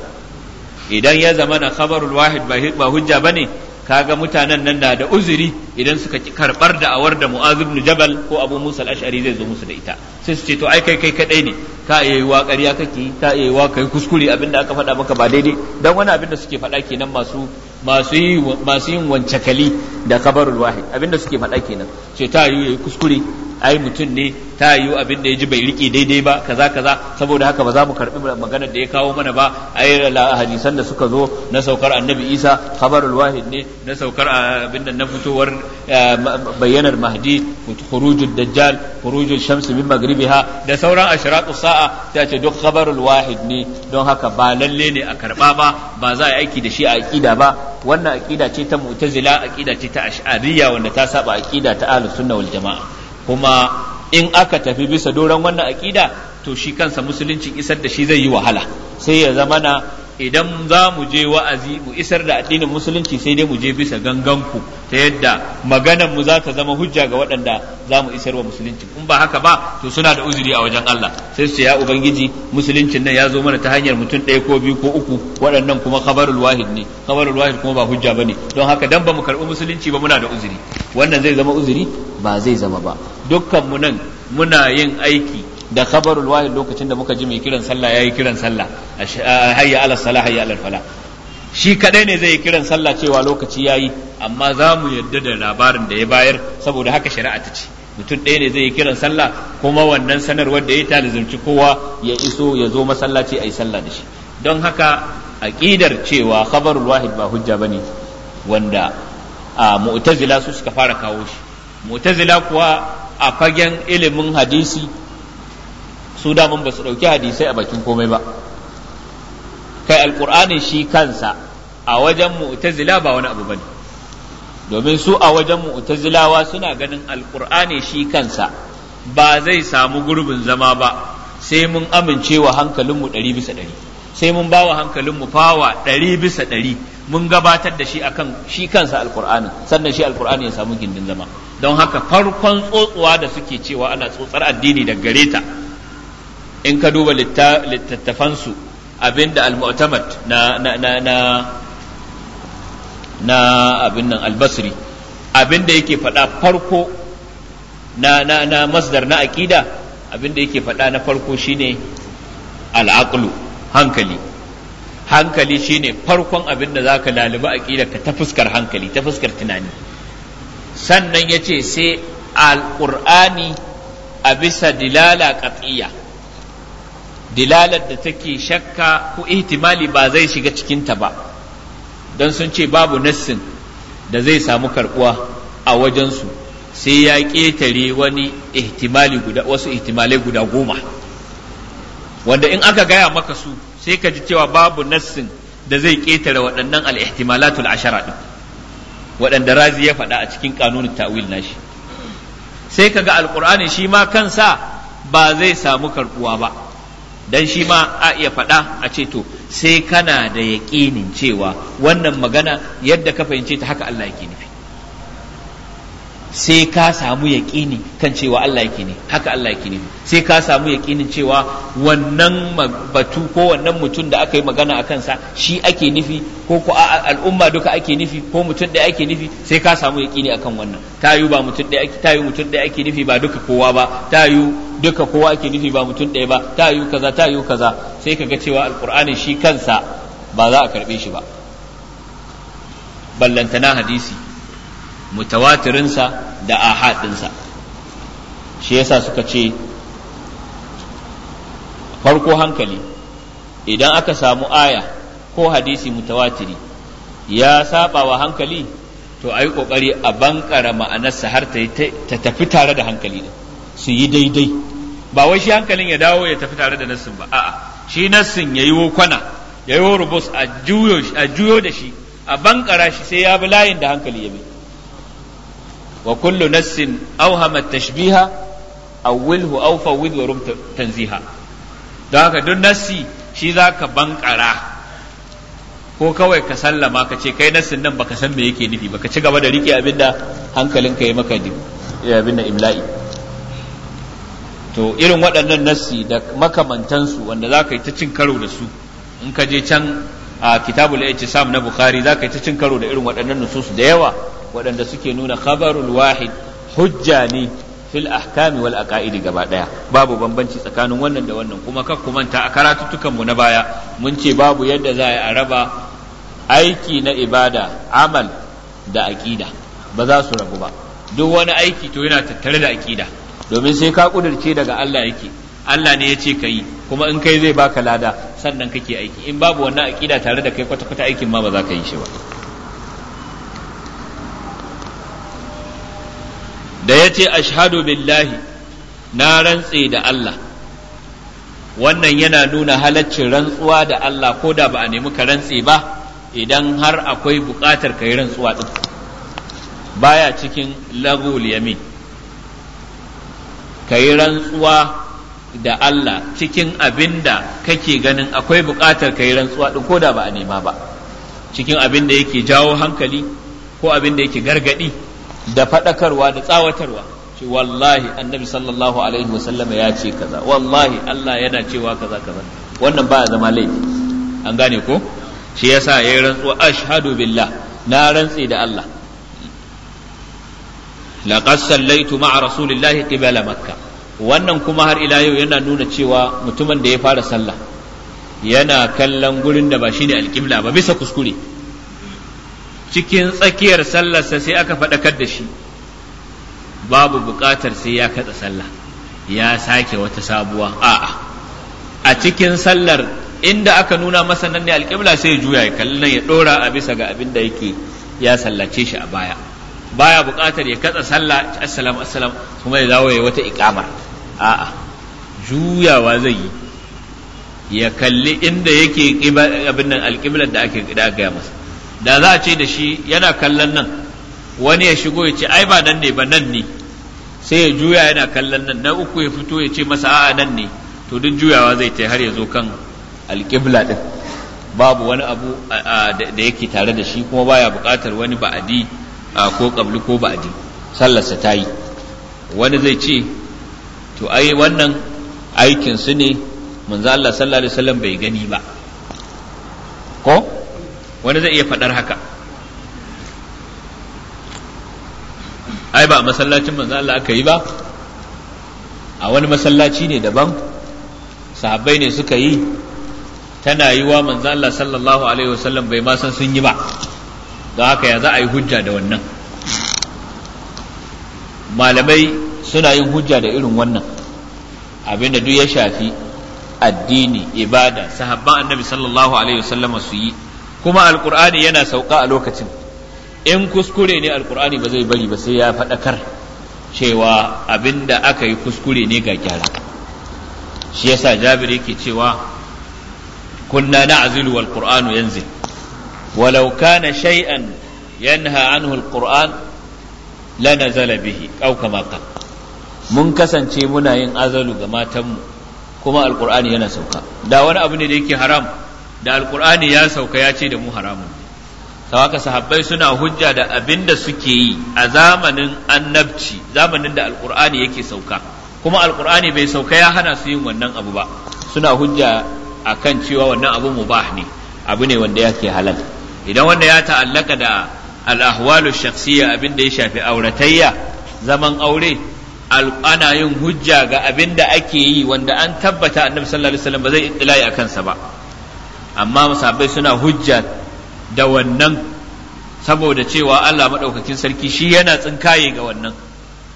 idan ya zama na khabarul wahid ba hujja bane kaga mutanen nan na da uzuri idan suka karbar awar da Mu'az ibn Jabal ko Abu Musa al-Ash'ari zai zo musu da ita sai su ce to ai kai kai kadai ne ka yi yiwa ƙarya kake ka yi yiwa kai kuskure abinda aka faɗa maka ba daidai dan wani abinda suke faɗa kenan masu masu masu yin wancakali da kabarul wahid abinda suke faɗa kenan ce ta yi kuskure ai mutum ne ta yiwu abin da ya ji bai rike daidai ba kaza kaza saboda haka ba za mu karbi maganar da ya kawo mana ba ai hadisan da suka zo na saukar annabi isa khabarul wahid ne na saukar abin da na fitowar bayyanar mahdi khurujud dajjal khurujul shams min magribiha da sauran ashratu sa'a ta ce duk khabarul wahid ne don haka ba lalle ne a karba ba ba za a aiki da shi a aqida ba wannan aqida ce ta mu'tazila aqida ce ta ash'ariyya wanda ta saba aqida ta ahlus sunna wal jama'a kuma in aka tafi bisa doron wannan aƙida to shi kansa musuluncin isar da shi zai yi wahala sai ya zama na idan za mu je wa'azi mu isar da addinin musulunci sai dai mu je bisa ganganku ta yadda maganan mu za ta zama hujja ga waɗanda za mu isar wa musulunci in ba haka ba to suna da uzuri a wajen Allah sai su ce ya ubangiji musuluncin nan ya zo mana ta hanyar mutum ɗaya ko biyu ko uku waɗannan kuma khabarul wahid ne khabarul wahid kuma ba hujja bane don haka dan ba mu karɓi musulunci ba muna da uzuri wannan zai zama uzuri ba zai zama ba dukkan mu nan muna yin aiki da khabarul wahid lokacin da muka ji mai kiran sallah yayi kiran sallah hayya ala salah hayya ala falah shi kadai ne zai yi kiran sallah cewa lokaci yayi amma za mu yadda da labarin da ya bayar saboda haka shari'a ta ce mutum ɗaya ne zai yi kiran sallah kuma wannan sanarwar da ya talizimci kowa ya iso ya zo masallaci a yi sallah da shi don haka aƙidar cewa khabarul wahid ba hujja bane wanda a mu'tazila su suka fara kawo shi mu'tazila kuwa a fagen ilimin hadisi su damun ba su ɗauki hadisai a bakin komai ba kai alƙur'anin shi kansa a wajen mu'tazila ba wani abu bane domin su a wajen mu'tazilawa suna ganin alƙur'ani shi kansa ba zai samu gurbin zama ba sai mun amincewa hankalinmu ɗari bisa ɗari sai mun ba wa hankalinmu fawa ɗari bisa ɗari mun gabatar da shi akan shi kansa alqur'anin sannan shi alqur'ani ya samu gindin zama don haka farkon tsotsuwa da suke cewa ana tsotsar addini da gareta. in ka duba littattafansu abinda al-mu'tamad na na na na abin nan al abinda yake faɗa farko na na na masdar na aqida abinda yake faɗa na farko shine al-aqlu hankali hankali shine farkon abin da zaka laliba a ka ta fuskar hankali ta fuskar tunani sannan ya ce sai Alƙur'ani a bisa dilala qat'iyya dilalar da take shakka ko ihtimali ba zai shiga cikin ta ba don sun ce babu nassin da zai samu karbuwa a wajensu sai ya ƙetare wani ihtimali guda wasu ihtimalai guda goma wanda in aka gaya maka su sai ka ji cewa babu nassin da zai ƙetare waɗannan alihtimalatul ashara ɗin, waɗanda razi ya faɗa a cikin ƙanunin ta'wil nashi sai ka ga alƙur'ani shi ma kansa ba zai samu karɓuwa ba dan shi ma a iya faɗa a ce to sai kana da yaƙinin cewa wannan magana yadda ka fahimce ta haka Allah yake nufi sai ka samu yaƙini kan cewa Allah yake ne haka Allah yake ne sai ka samu yaƙinin cewa wannan batu ko wannan mutum da aka yi magana a kansa shi ake nufi ko ko al'umma duka ake nufi ko mutum da ake nufi sai ka samu yaƙini akan wannan ta yi ba mutum da ake ta yi mutum ɗaya ake nufi ba duka kowa ba ta yi duka kowa ake nufi ba mutum ɗaya ba ta yi kaza ta yi kaza sai ka ga cewa alƙur'anin shi kansa ba za a karɓe shi ba ballantana hadisi mutawatirinsa da ahadinsa shi yasa suka ce farko hankali idan aka samu aya ko hadisi mutawatiri ya saba wa hankali to a yi ƙoƙari a bankara ma'anarsa har ta tafi tare da hankali da su yi daidai ba wai shi hankalin ya dawo ya tafi tare da nassin ba a'a shi nassin ya yi kwana ya yi rubus a juyo da shi a bankara shi sai ya bi layin da hankali ya bi wa kullu nassin awhama tashbiha awwilhu aw fawwid wa rum tanziha don haka duk nassi shi zaka banƙara. ko kawai ka sallama ka ce kai nassin nan baka san me yake nufi baka ci gaba da rike abinda hankalinka ya maka abinda imla'i to irin waɗannan nassi da makamantansu wanda za ka yi ta cin karo da su in ka je can a kitabul sam na bukhari za ka yi ta cin karo da irin waɗannan nusus da yawa waɗanda suke nuna khabarul wahid hujja ne fil ahkami wal aqaidi gaba daya babu bambanci tsakanin wannan da wannan kuma ka ku manta a karatuttukan mu na baya mun ce babu yadda za a raba aiki na ibada amal da aqida ba za su rabu ba duk wani aiki to yana tattare da aqida domin sai ka kudirce daga Allah yake Allah ne ya ce ka yi kuma in kai zai baka lada sannan kake aiki in babu wannan aqida tare da kai kwata-kwata aikin ma ba za ka yi shi ba da ya ce ashadu billahi na rantse da Allah wannan yana nuna halaccin rantsuwa da Allah ko da ba a nemi ka rantse ba idan har akwai buƙatar ka yi rantsuwa ɗin baya cikin lagul yamin ka yi rantsuwa da Allah cikin abin da kake ganin akwai bukatar ka yi rantsuwa ɗin ko da ba a nema ba cikin abin da yake jawo hankali ko abin da yake gargaɗi da faɗakarwa da tsawatarwa ce wallahi annabi sallallahu alaihi wasallam ya ce kaza wallahi Allah yana cewa kaza kaza wannan ba zama laifi an gane ko shi yasa yayi rantsuwa ashhadu billah na rantsi da Allah laqad sallaitu ma'a rasulillahi qibala makkah wannan kuma har ila yau yana nuna cewa mutumin da ya fara sallah yana kallon gurin da ba shine alqibla ba bisa kuskure cikin tsakiyar sallarsa sai aka faɗakar da shi babu buƙatar sai ya katsa sallah ya sake wata sabuwa a'a a cikin sallar inda aka nuna masa nan ne alƙibla sai ya juya ya kalli nan ya ɗora a bisa ga abin da yake ya sallace shi a baya baya buƙatar ya katsa sallah assalamu assalam kuma ya dawo ya wata iƙamar a'a juyawa zai yi ya kalli inda yake abin nan alƙiblar da ake gaya masa da za a ce da shi yana kallon nan wani ya shigo ya ce ai ba nan ne ba nan ne sai ya juya yana kallon nan na uku ya fito ya ce masa a'a nan ne to duk juyawa zai ta har ya zo kan alƙibla din babu wani abu da yake tare da shi kuma baya buƙatar wani ba'adi ko ƙabli ko ba'adi sallarsa ta yi wani zai ce to ai wannan aikin su ne manzo Allah sallallahu alaihi wasallam bai gani ba ko wani zai iya faɗar haka ai ba a masallacin manzo Allah aka yi ba a wani masallaci ne daban sahabbai ne suka yi tana yi wa manzo Allah sallallahu alaihi wasallam bai ma san sun yi ba don haka ya za a yi hujja da wannan malamai suna yin hujja da irin wannan abinda duk ya shafi addini ibada sahabban annabi sallallahu alaihi wasallam su yi kuma alkur'ani yana sauka a lokacin in kuskure ne alkur'ani ba zai bari ba sai ya faɗakar cewa abinda aka yi kuskure ne ga gyara shi yasa jabir yake cewa kunna na'zilu wal qur'anu yanzil walau kana shay'an yanha anhu al qur'an lanazala bihi aw kama mun kasance muna yin azalu ga matanmu kuma alkur'ani yana sauka da wani abu ne da yake haram da alkur'ani ya sauka ya ce da mu haramun sawaka sahabbai suna hujja da abin da suke yi a zamanin annabci zamanin da alkur'ani yake sauka kuma alkur'ani bai sauka ya hana su yin wannan abu ba suna hujja akan cewa wannan abu mubah ne abu ne wanda yake halal idan wanda ya ta'allaka da al-ahwalu shakhsiyya abin da ya shafi auratayya zaman aure ana yin hujja ga abin da ake yi wanda an tabbata annabi sallallahu alaihi wasallam ba zai ittilai akan sa ba amma sahabbai suna hujja da wannan saboda cewa Allah maɗaukakin sarki shi yana tsinkaye ga wannan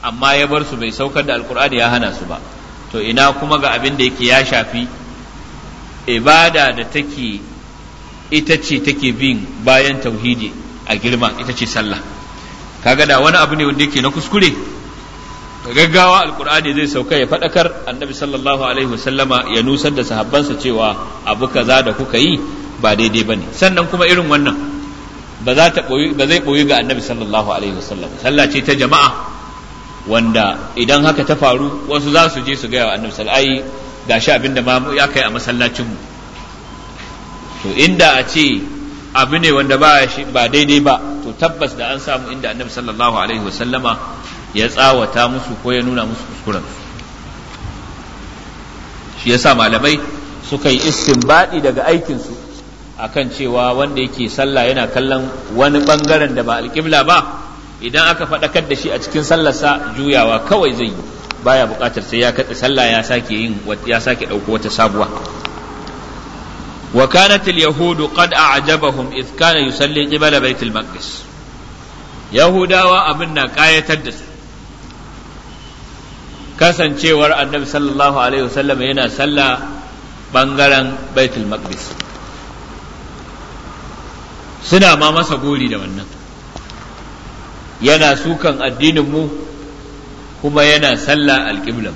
amma ya bar su bai saukar da alkur'ani ya hana su ba to ina kuma ga abin da yake ya shafi ibada da take ita ce take bin bayan tauhidi a girma ita ce sallah kaga da wani abu ne wanda yake na kuskure gaggawa alkur'ani zai sauka ya faɗakar annabi sallallahu alaihi wasallama ya nusar da sahabbansa cewa abu kaza da kuka yi ba daidai bane sannan kuma irin wannan ba za ta ba zai boyi ga annabi sallallahu alaihi wasallam sallah ce ta jama'a wanda idan haka ta faru wasu za su je su ga annabi sallallahu alaihi wasallam gashi abinda ma ya kai a masallacin to inda a ce abu ne wanda ba ba daidai ba to tabbas da an samu inda annabi sallallahu alaihi wasallama ya tsawata musu ko ya nuna musu kuskuren shi yasa malamai suka yi istinbadi daga aikinsu akan cewa wanda yake sallah yana kallon wani bangaren da ba alƙibla ba idan aka faɗakar da shi a cikin sallarsa juyawa kawai zai yi baya buƙatar sai ya katse sallah ya sake yin ya sake ɗauko wata sabuwa wa kanat al yahudu qad a'jabahum idh kana yusalli qibala baitul maqdis yahudawa abin na da su kasancewar annabi sallallahu alaihi wasallam yana sallah bangaren baitul maqdis suna ma masa gori da wannan yana sukan addinin mu kuma yana sallah alƙiblan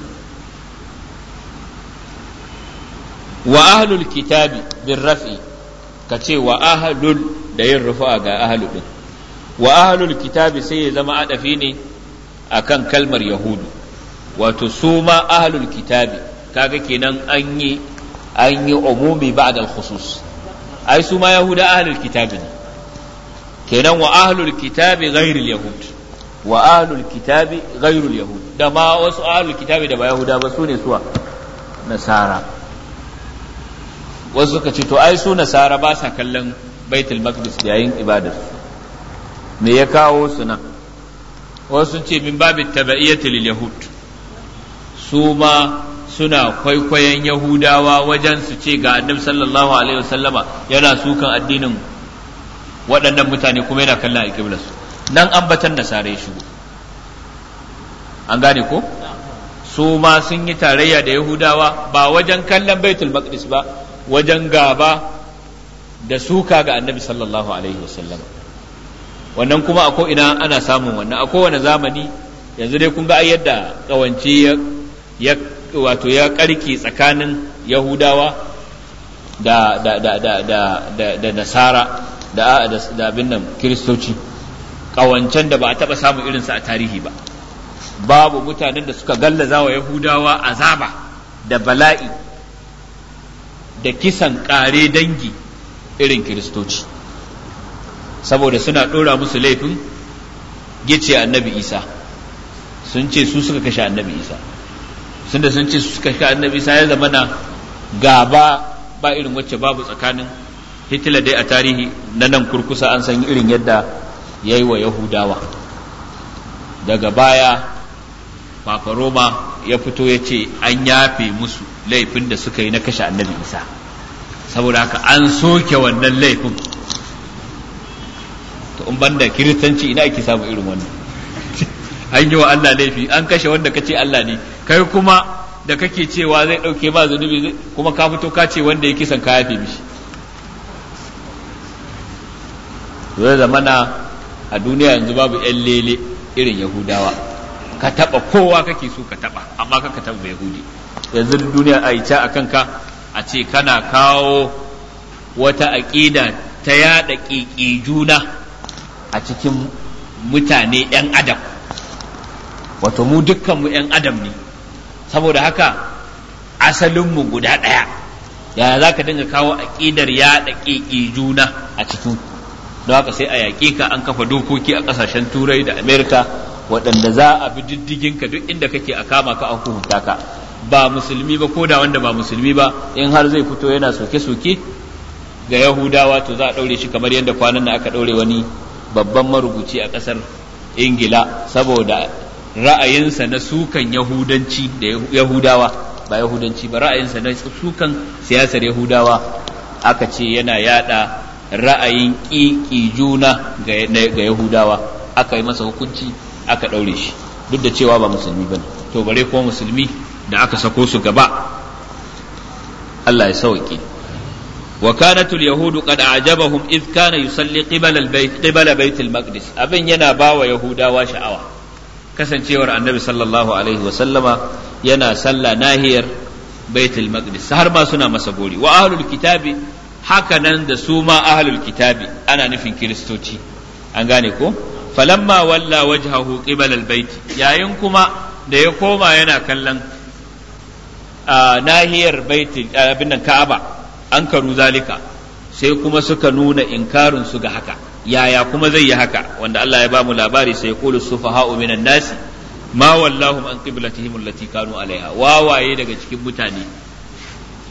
wa ahlul kitabi bin rafi ka ce wa ahlul da yin rufa ga ahlul wa ahlul kitabi sai ya zama adafi ne akan kalmar yahudu wato su ma ahlul kitabi kaga kenan an yi an yi umumi ba'd al khusus ai su ma yahuda ahlul kitabi ne kenan wa ahlul kitabi ghairul yahud wa ahlul kitabi ghairul yahud da ma wasu ahlul kitabi da ba yahuda ba su ne suwa nasara wasu suka ce to ai su nasara ba sa kallon baitul maqdis yayin ibadar me ya kawo su nan wasu ce min babit taba'iyyati lil yahud su ma suna kwaikwayon yahudawa wajen su ce ga annabi sallallahu alaihi wasallama yana sukan addinin waɗannan mutane kuma yana kallon su nan ambatan nasarai shigo an gane ko su ma sun yi tarayya da yahudawa ba wajen kallon baitul maqdis ba wajen gaba da suka ga annabi sallallahu alaihi wasallama wannan kuma a ina ana samun wannan a kowane zamani yanzu dai kun ga yadda kawance wato ya karki tsakanin yahudawa da da da da da da da nasara da da abin nan kiristoci kawancen da ba a taba samun irin su a tarihi ba babu mutanen da suka gallaza wa yahudawa azaba da bala'i da kisan kare dangi irin kiristoci saboda suna ɗora musu laifin gice annabi isa sun ce su suka kashe annabi isa da sun ce suka shi annabi sai ya zama na gaba ba irin wacce babu tsakanin hitler dai a tarihi na nan kurkusa an san irin yadda ya yi wa yahudawa daga baya papa roma ya fito ya ce an yafe musu laifin da suka yi na kashe annabi isa saboda haka an soke wannan laifin to in banda kiristanci ina ake samu irin wannan <laughs> an yi wa allah laifi an kashe wanda ka ce allah ne kai kuma da kake cewa zai ɗauke ba zunubi kuma ka fito ka ce wanda ya kisan ka yafe mishi zai zamana a duniya yanzu babu yan lele irin yahudawa ka taɓa kowa kake so ka taɓa amma ka ka taɓa yahudi yanzu duniya a yi ca a kanka a ce kana kawo wata aƙida ta yaɗa ƙiƙi juna a cikin mutane 'yan adam wato mu dukkanmu 'yan adam ne saboda haka asalinmu guda ɗaya yaya za ka dinga kawo aƙidar yaɗa ƙi juna a cikin don haka sai a yaƙi ka an kafa dokoki a ƙasashen turai da amerika waɗanda za a bi diddigin ka duk inda kake a kama ka an hukunta ka ba musulmi ba ko da wanda ba musulmi ba in har zai fito yana soke-soke ga yahudawa to za a ɗaure shi kamar yadda kwanan da aka ɗaure wani babban marubuci a ƙasar ingila saboda ra'ayinsa na sukan yahudanci da yahudawa ba yahudanci ba ra'ayinsa na sukan siyasar yahudawa aka ce yana yada ra'ayin ƙiƙi juna ga yahudawa aka yi masa hukunci aka ɗaure shi duk da cewa ba musulmi ba to bare kuma musulmi da aka sako su gaba Allah ya sauke wa kanatul yahudu qad ajabahum iz kana yusalli qibala al-bayt bayt al-maqdis abin yana bawa yahudawa sha'awa kasancewar annabi sallallahu alaihi sallama, yana sallah nahiyar baitul maqdis har ma suna masa gori wa ahlul kitabi haka nan da su ma ahlul kitabi ana nufin kiristoci an gane ko falamma walla wajhahu qibala albayt yayin kuma da ya koma yana kallon nahiyar baitul abin nan ka'aba an karu zalika sai kuma suka nuna inkarin su ga haka yaya kuma zai yi haka wanda Allah ya ba mu labari sai yaqulu sufaha'u minan nasi ma wallahu an qiblatihim allati kanu alaiha wawaye daga cikin mutane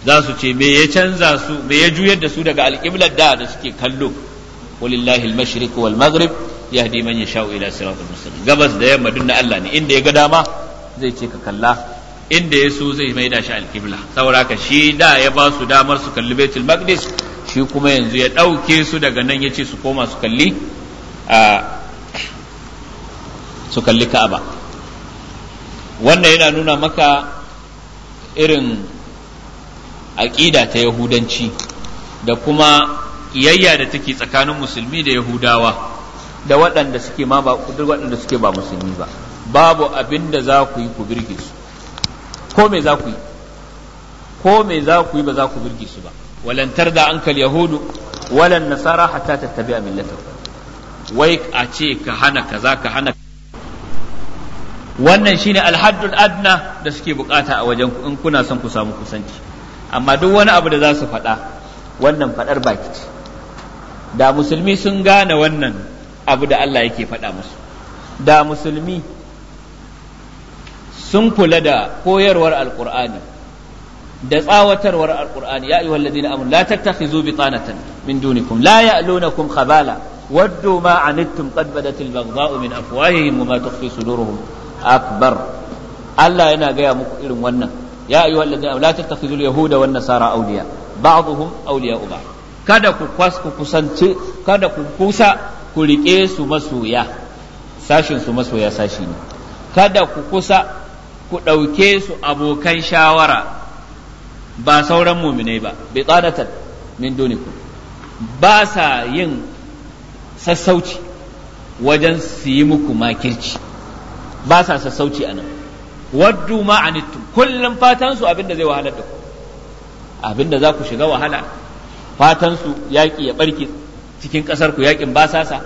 za su ce me ya canza su me ya juyar da su daga alqiblar da da suke kallo walillahi almashriq wal maghrib yahdi man yasha'u ila siratal mustaqim gabas da yamma dunna Allah ne inda ya ga dama zai ce ka kalla inda ya so zai maida shi alqibla saboda ka shi da ya ba su damar su kalli baitul maqdis shi kuma yanzu ya ɗauke su daga nan ya ce su koma su kalli a su kalli ka'aba wannan yana nuna maka irin aƙida ta yahudanci da kuma ƙiyayya da take tsakanin musulmi da yahudawa da waɗanda suke ma ba waɗanda suke ba musulmi ba babu abin da za ku yi ku birge su ko me za ku yi ko me za ku yi ba za ku birge su ba walan tarda ankal yahudu walan nasara hatta tattabi'a millatahum wai a ce ka hana kaza ka hana wannan shine alhaddul adna da suke bukata a wajen in kuna son ku samu kusanci amma duk wani abu da za su faɗa wannan faɗar baki ce da musulmi sun gane wannan abu da Allah yake faɗa musu da musulmi sun kula da koyarwar alkur'ani da tsawatarwar alqur'ani ya ayyuhal ladina amanu la tattakhizu bitanatan min dunikum la ya'lunakum khabala waddu ma anittum qad badatil baghdha'u min afwahihim wa ma tukhfi suduruhum akbar Allah yana gaya muku irin wannan ya ayyuhal ladina amanu la tattakhizu al-yahuda wan nasara awliya ba'dhum kada ku kusance kada ku kusa ku rike su masoya sashin su masoya sashi ne kada ku kusa ku ɗauke su abokan shawara ba sauran muminai ba bi tsanatan min ku. ba sa yin sassauci wajen su yi muku makirci ba sa sassauci a nan waddu ma'anittum kullum fatansu abinda zai wahalar da ku abinda za ku shiga wahala fatansu yaƙi ya ɓarke cikin ƙasar ku yaƙin fatan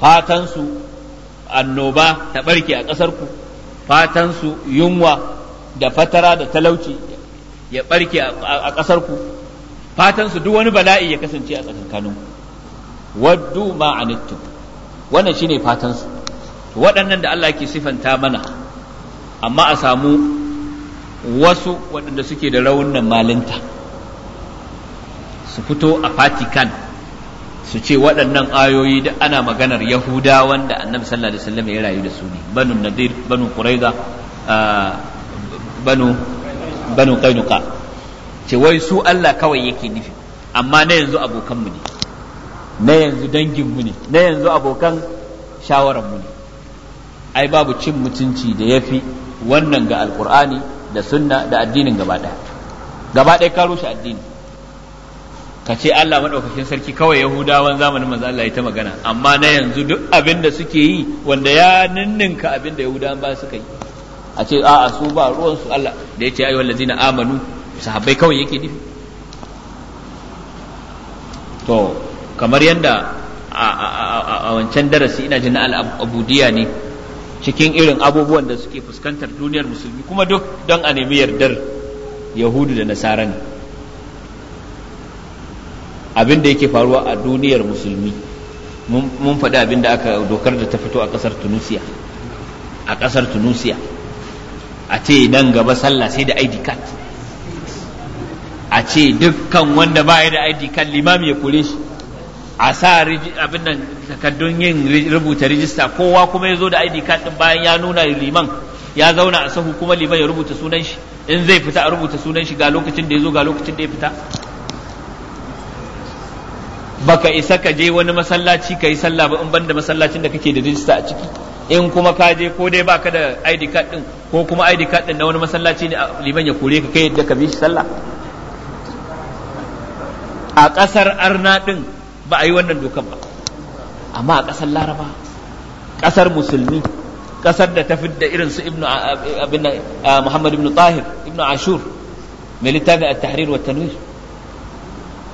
fatansu annoba ta ɓarke a ƙasar ku fatansu yunwa da fatara da talauci ya barke a ƙasar ku fatan su duk wani bala'i ya kasance a tsakankanin waddu ma anittu wannan shine fatan su waɗannan da Allah ke sifanta mana amma a samu wasu waɗanda suke da raunin malinta su fito a Vatican su ce waɗannan ayoyi da ana maganar Yahudawan da annabi sallallahu alaihi wasallam ya rayu da su ne banu nadir banu quraiza ah, banu banu kainuka ce wai su Allah kawai yake nufi amma na yanzu abokanmu ne na yanzu danginmu ne na yanzu abokan shawararmu ne ai babu cin mutunci da ya fi wannan ga alkur'ani da sunna da addinin gaba ɗaya gaba ɗaya ka rushe addini ka ce Allah maɗaukakin sarki kawai yahudawan zamanin manzo Allah ya ta magana amma na yanzu duk abin da suke yi wanda ya ninninka abin da yahudawan ba suka yi a ce a'a su ba ruwan su Allah da ya ce ayyuhal ladina amanu sahabbai kawai yake nufi to kamar yadda a wancan darasi ina jin al-abudiya ne cikin irin abubuwan da suke fuskantar duniyar musulmi kuma duk don a nemi yardar yahudu da nasara ne abin da yake faruwa a duniyar musulmi mun faɗi abin da aka dokar da ta fito a ƙasar tunisia a ƙasar tunisia a ce nan gaba sallah sai da ID card a ce dukkan wanda ba ya da ID card limami ya kure shi a sa abin nan takaddun yin rubuta rijista kowa kuma ya zo da ID card din bayan ya nuna liman ya zauna a sahu kuma liman ya rubuta sunan shi in zai fita a rubuta sunan shi ga lokacin da ya zo ga lokacin da ya fita baka isa ka je wani masallaci ka yi sallah ba in banda masallacin da kake da rijista a ciki in kuma ka je ko dai baka da ID card din ko kuma ID card din na wani masallaci ne liman ya kore ka kai yadda ka bi shi sallah a ƙasar arna din ba a yi wannan dokan ba amma a ƙasar laraba ƙasar musulmi ƙasar da ta fidda irin su ibnu abin muhammad ibnu tahir ibnu ashur mai littafin at-tahrir wa tanwir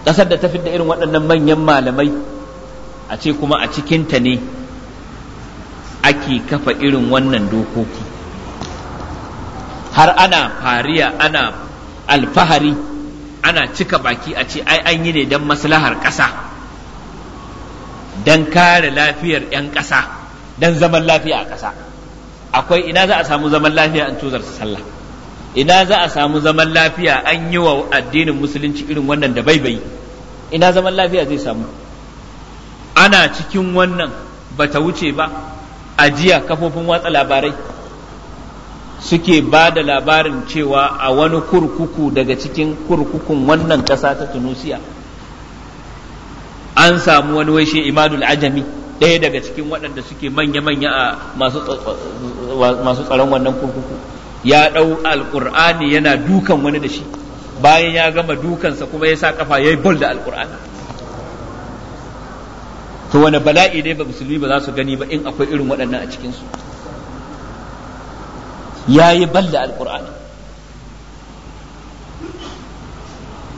ƙasar da ta fidda irin waɗannan manyan malamai a ce kuma a cikinta ne ake kafa irin wannan dokoki har ana fariya ana alfahari ana cika baki a ce ai an yi ne don maslahar ƙasa don kare lafiyar 'yan ƙasa don zaman lafiya a ƙasa akwai ina za a samu zaman lafiya an tozarta sallah ina za a samu zaman lafiya an yi wa addinin musulunci irin wannan da bai bai ina zaman lafiya zai samu ana cikin wannan bata wuce ba ajiya kafofin watsa labarai suke ba da labarin cewa a wani kurkuku daga cikin kurkukun wannan ƙasa ta tunusiya an samu wani waishe imadul ajami ɗaya daga cikin waɗanda suke manya-manya a masu tsaron wannan kurkuku ya ɗau alƙur'ani yana dukan wani da shi bayan ya gama dukansa kuma ya sa kafa ya yi bol da alƙur'ani to wani bala'i ne ba musulmi ba za su gani ba in akwai irin waɗannan a cikinsu ya yi balla alkur'ani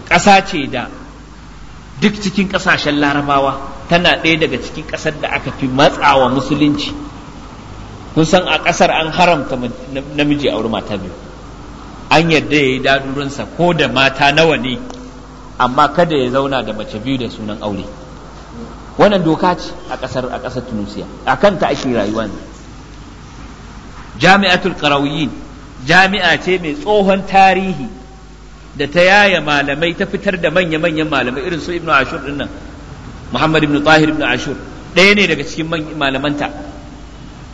ƙasa ce da duk cikin ƙasashen larabawa tana ɗaya daga cikin ƙasar da aka fi matsawa musulunci kun san a ƙasar an haramta namiji a wuri mata biyu an yarda ya yi dadurinsa ko da mata nawa ne amma kada ya zauna da mace biyu da sunan aure wannan doka ce a ƙasar a ƙasar tunisiya a kanta ake rayuwa ne jami'atul qarawiyin jami'a ce mai tsohon tarihi da ta yaya malamai ta fitar da manya-manyan malamai irin su ibnu ashur din nan muhammad ibnu tahir ibnu ashur ɗaya ne daga cikin malamanta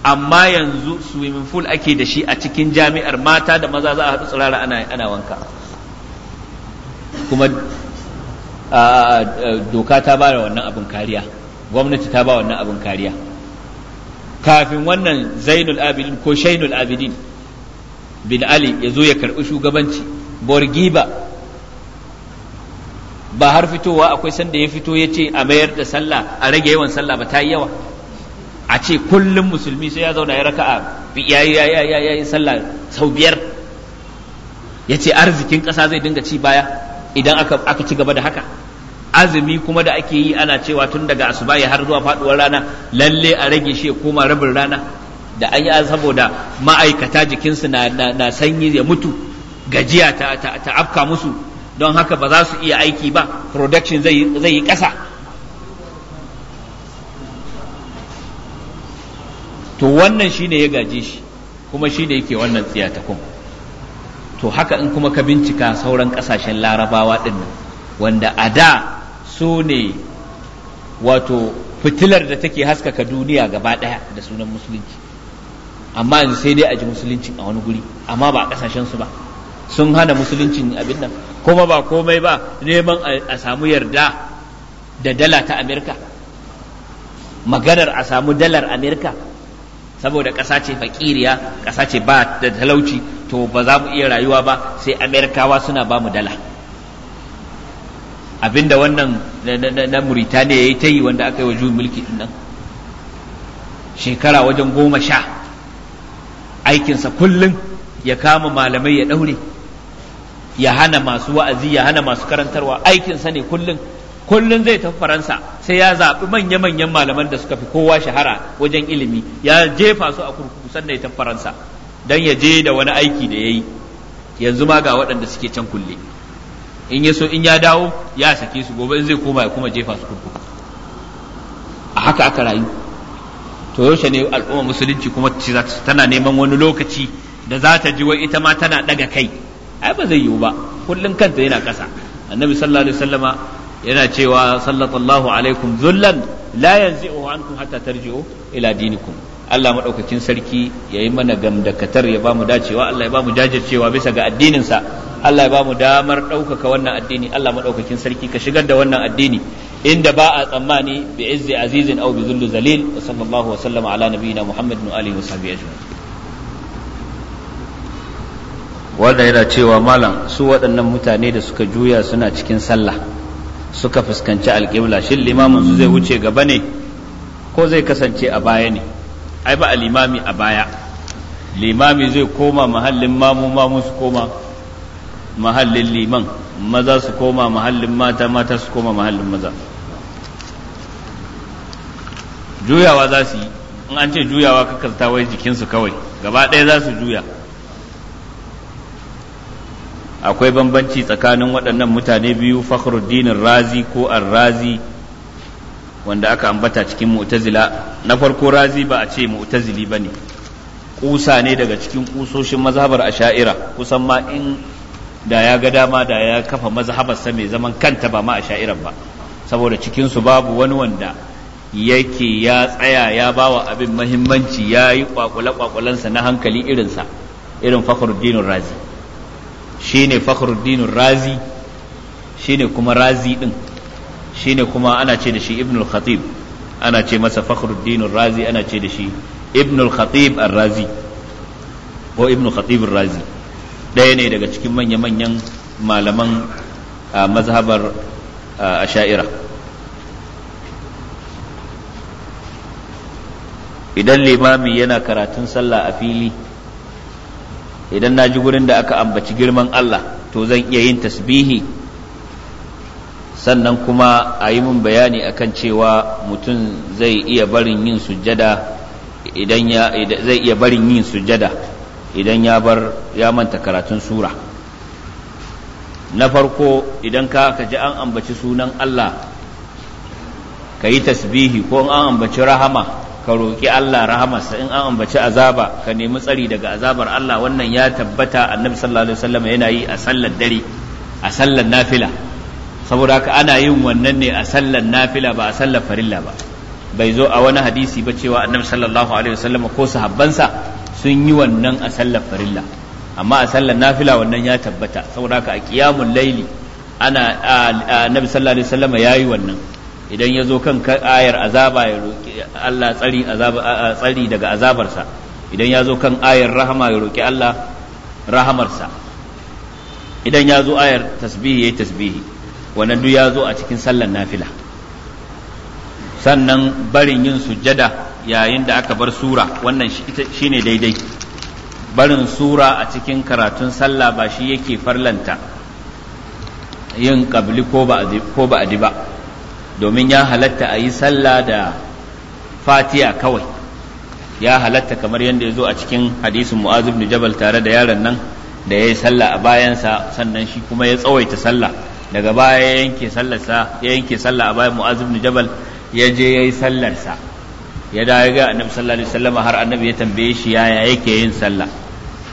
amma yanzu swimming pool ake da shi a cikin jami'ar mata da maza za a haɗu tsirara ana, ana wanka kuma doka ta ba da wannan abin kariya gwamnati ta ba wannan abin kariya kafin wannan zainul abidin ko shainul abidin bin ali ya zo ya karɓi shugabanci borgiba ba har fitowa akwai sanda ya fito ya ce a mayar da sallah a rage yawan sallah ba ta yi yawa a ce kullum musulmi sai ya zauna ya raka'a ya yi sallah sau biyar ya ce arzikin ƙasa zai dinga ci baya idan aka ci gaba da haka azumi kuma da ake yi ana cewa tun daga asuba har zuwa faduwar rana lalle a rage shi kuma rabin rana da an yi saboda ma'aikata jikinsu na, na, sanyi ya mutu gajiya ta, afka musu don haka ba za su iya aiki ba production zai, yi ƙasa to wannan shi ne ya gaje shi kuma shi ne yake wannan tsiyata to haka in kuma ka bincika sauran ƙasashen larabawa ɗin nan wanda a da su ne wato fitilar da take haskaka duniya gaba ɗaya da sunan musulunci amma yanzu sai dai a ji musuluncin a wani guri amma ba a kasashen su ba sun hana musuluncin abin nan kuma ba komai ba neman a samu yarda da dala ta amerika maganar a samu dalar amerika saboda ƙasa ce fakiriya ƙasa ce ba da talauci to ba za mu iya rayuwa ba sai amerikawa suna ba mu dala abinda wannan na ya yi ta yi wanda aka yi wa juyin mulki din nan shekara wajen goma sha aikinsa kullum ya kama malamai ya ɗaure, ya hana masu wa'azi ya hana masu karantarwa aikinsa ne kullum kullum zai tafi faransa sai ya zaɓi manya-manyan malaman da suka fi kowa shahara wajen ilimi ya jefa su a kurkuku sannan ya tafi faransa don ya je da wani aiki da ya yi yanzu ma ga waɗanda suke can kulle in ya so in ya dawo ya sake su gobe in zai koma ya kuma jefa su kurkuku a haka aka rayu to yaushe ne al'umma musulunci kuma tana neman wani lokaci da za ta ji wai ita ma tana daga kai ai ba zai yiwu ba kullun kanta yana kasa annabi sallallahu alaihi wasallama yana cewa sallallahu alaikum zullan la yanzi'u ankum hatta tarji'u ila dinikum Allah madaukakin sarki yayi mana gamdakatar ya bamu dacewa Allah ya bamu jajircewa bisa ga addinin sa Allah ya ba mu damar ɗaukaka wannan addini Allah maɗaukakin sarki ka shigar da wannan addini inda ba a tsammani bi izzi azizin aw bi zullu zalil wa sallallahu wa sallama ala nabiyyina muhammad wa alihi wa sahbihi ajma'in wanda yana cewa malam su waɗannan mutane da suka juya suna cikin sallah suka fuskanci alƙibla shin limamin su zai wuce gaba ne ko zai kasance a baya ne ai ba a limami a baya limami zai koma mahallin mamu mamu su koma mahallin liman maza su koma mahallin mata mata su koma mahallin maza juyawa za su yi in an ce juyawa kakarta wai jikinsu kawai gaba ɗaya za su juya akwai bambanci tsakanin waɗannan mutane biyu fakhruddinin razi ko razi wanda aka ambata cikin mu'tazila na farko razi ba a ce mu'tazili ba ne ƙusa ne daga cikin ƙusoshin mazhabar Sha'ira, kusan ma in da ya ga dama da ya kafa mazhabarsa mai zaman kanta ba ma a ba saboda cikinsu babu wani wanda yake ya tsaya ya ba wa abin mahimmanci ya yi kwakule-kwakulensa na hankali irinsa irin fakhruddinun razi shi ne fakhruddinun razi shi ne kuma razi din shi ne kuma ana ce da shi ibnul khatib ana ce masa fakhruddinun razi ana ce da shi ibnul khatib ar-razi ko ibnul khatib ar-razi ɗaya ne daga cikin manya-manyan malaman mazhabar asha'ira idan limami yana karatun sallah a fili idan na ji gurin da aka ambaci girman Allah to zan iya yin tasbihi sannan kuma a yi min bayani akan cewa mutum zai iya barin yin sujada. idan ya bar ya manta karatun sura na farko idan ka ka ji an ambaci sunan Allah ka yi tasbihi ko an ambaci rahama ka roƙi Allah rahamarsa in an ambaci azaba ka nemi tsari daga azabar Allah wannan ya tabbata annabi sallallahu alaihi wasallam yana yi a sallar dare a sallar nafila saboda haka ana yin wannan ne a sallar nafila ba a sallar farilla ba bai zo a wani hadisi ba cewa annabi sallallahu alaihi wasallam ko sahabbansa sun yi wannan a sallar farilla amma a sallar nafila wannan ya tabbata saboda haka a qiyamul laili ana annabi sallallahu alaihi wasallam yi wannan idan ya zo kan ayar azaba ya roki Allah tsari azaba tsari daga azabarsa idan ya zo kan ayar rahama ya roki Allah rahamarsa idan ya zo ayar tasbihi yayi tasbihi wannan duk ya zo a cikin sallar nafila sannan barin yin sujjada yayin da aka bar sura wannan shi ne daidai barin sura a cikin karatun sallah ba shi yake farlanta yin kabli ko ba a ba domin ya halatta a yi sallah da fatiya kawai ya halatta kamar yadda ya zo a cikin hadisin mu'az ibn jabal tare da yaron nan da ya yi sallah a bayansa sannan shi kuma ya tsawaita sallah daga baya ya yanke sallah a bayan mu'az ibn jabal ya je ya yi sallarsa ya dawo ga annabi sallallahu alaihi wasallam har annabi ya tambaye shi yaya yake yin sallah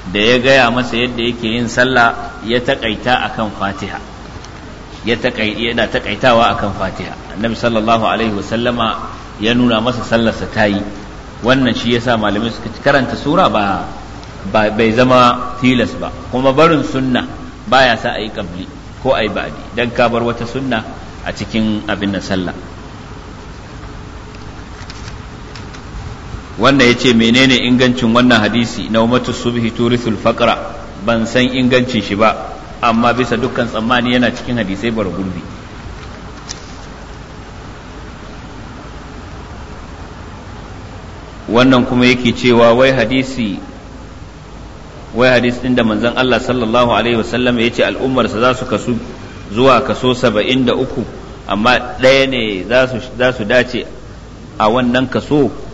da ya gaya masa yadda yake yin sallah ya takaita akan fatiha ya takaita yana takaitawa akan fatiha annabi sallallahu alaihi wasallama ya nuna masa sallar sa tayi wannan shi yasa malamai suka karanta sura ba bai zama tilas ba kuma barin sunna baya sa ayi yi ko ayi yi ba'di dan ka bar wata sunna a cikin abin na sallah wannan ya ce menene ingancin wannan hadisi na umatu subhi turithul faqra ban san ingancin shi ba amma bisa dukkan tsammani yana cikin hadisai bar gurbi wannan kuma yake cewa wai hadisi wai hadis din da manzon Allah sallallahu alaihi wasallam ya ce al'ummarsa za su kasu zuwa kaso saba'in da uku amma ɗaya ne za su dace a wannan kaso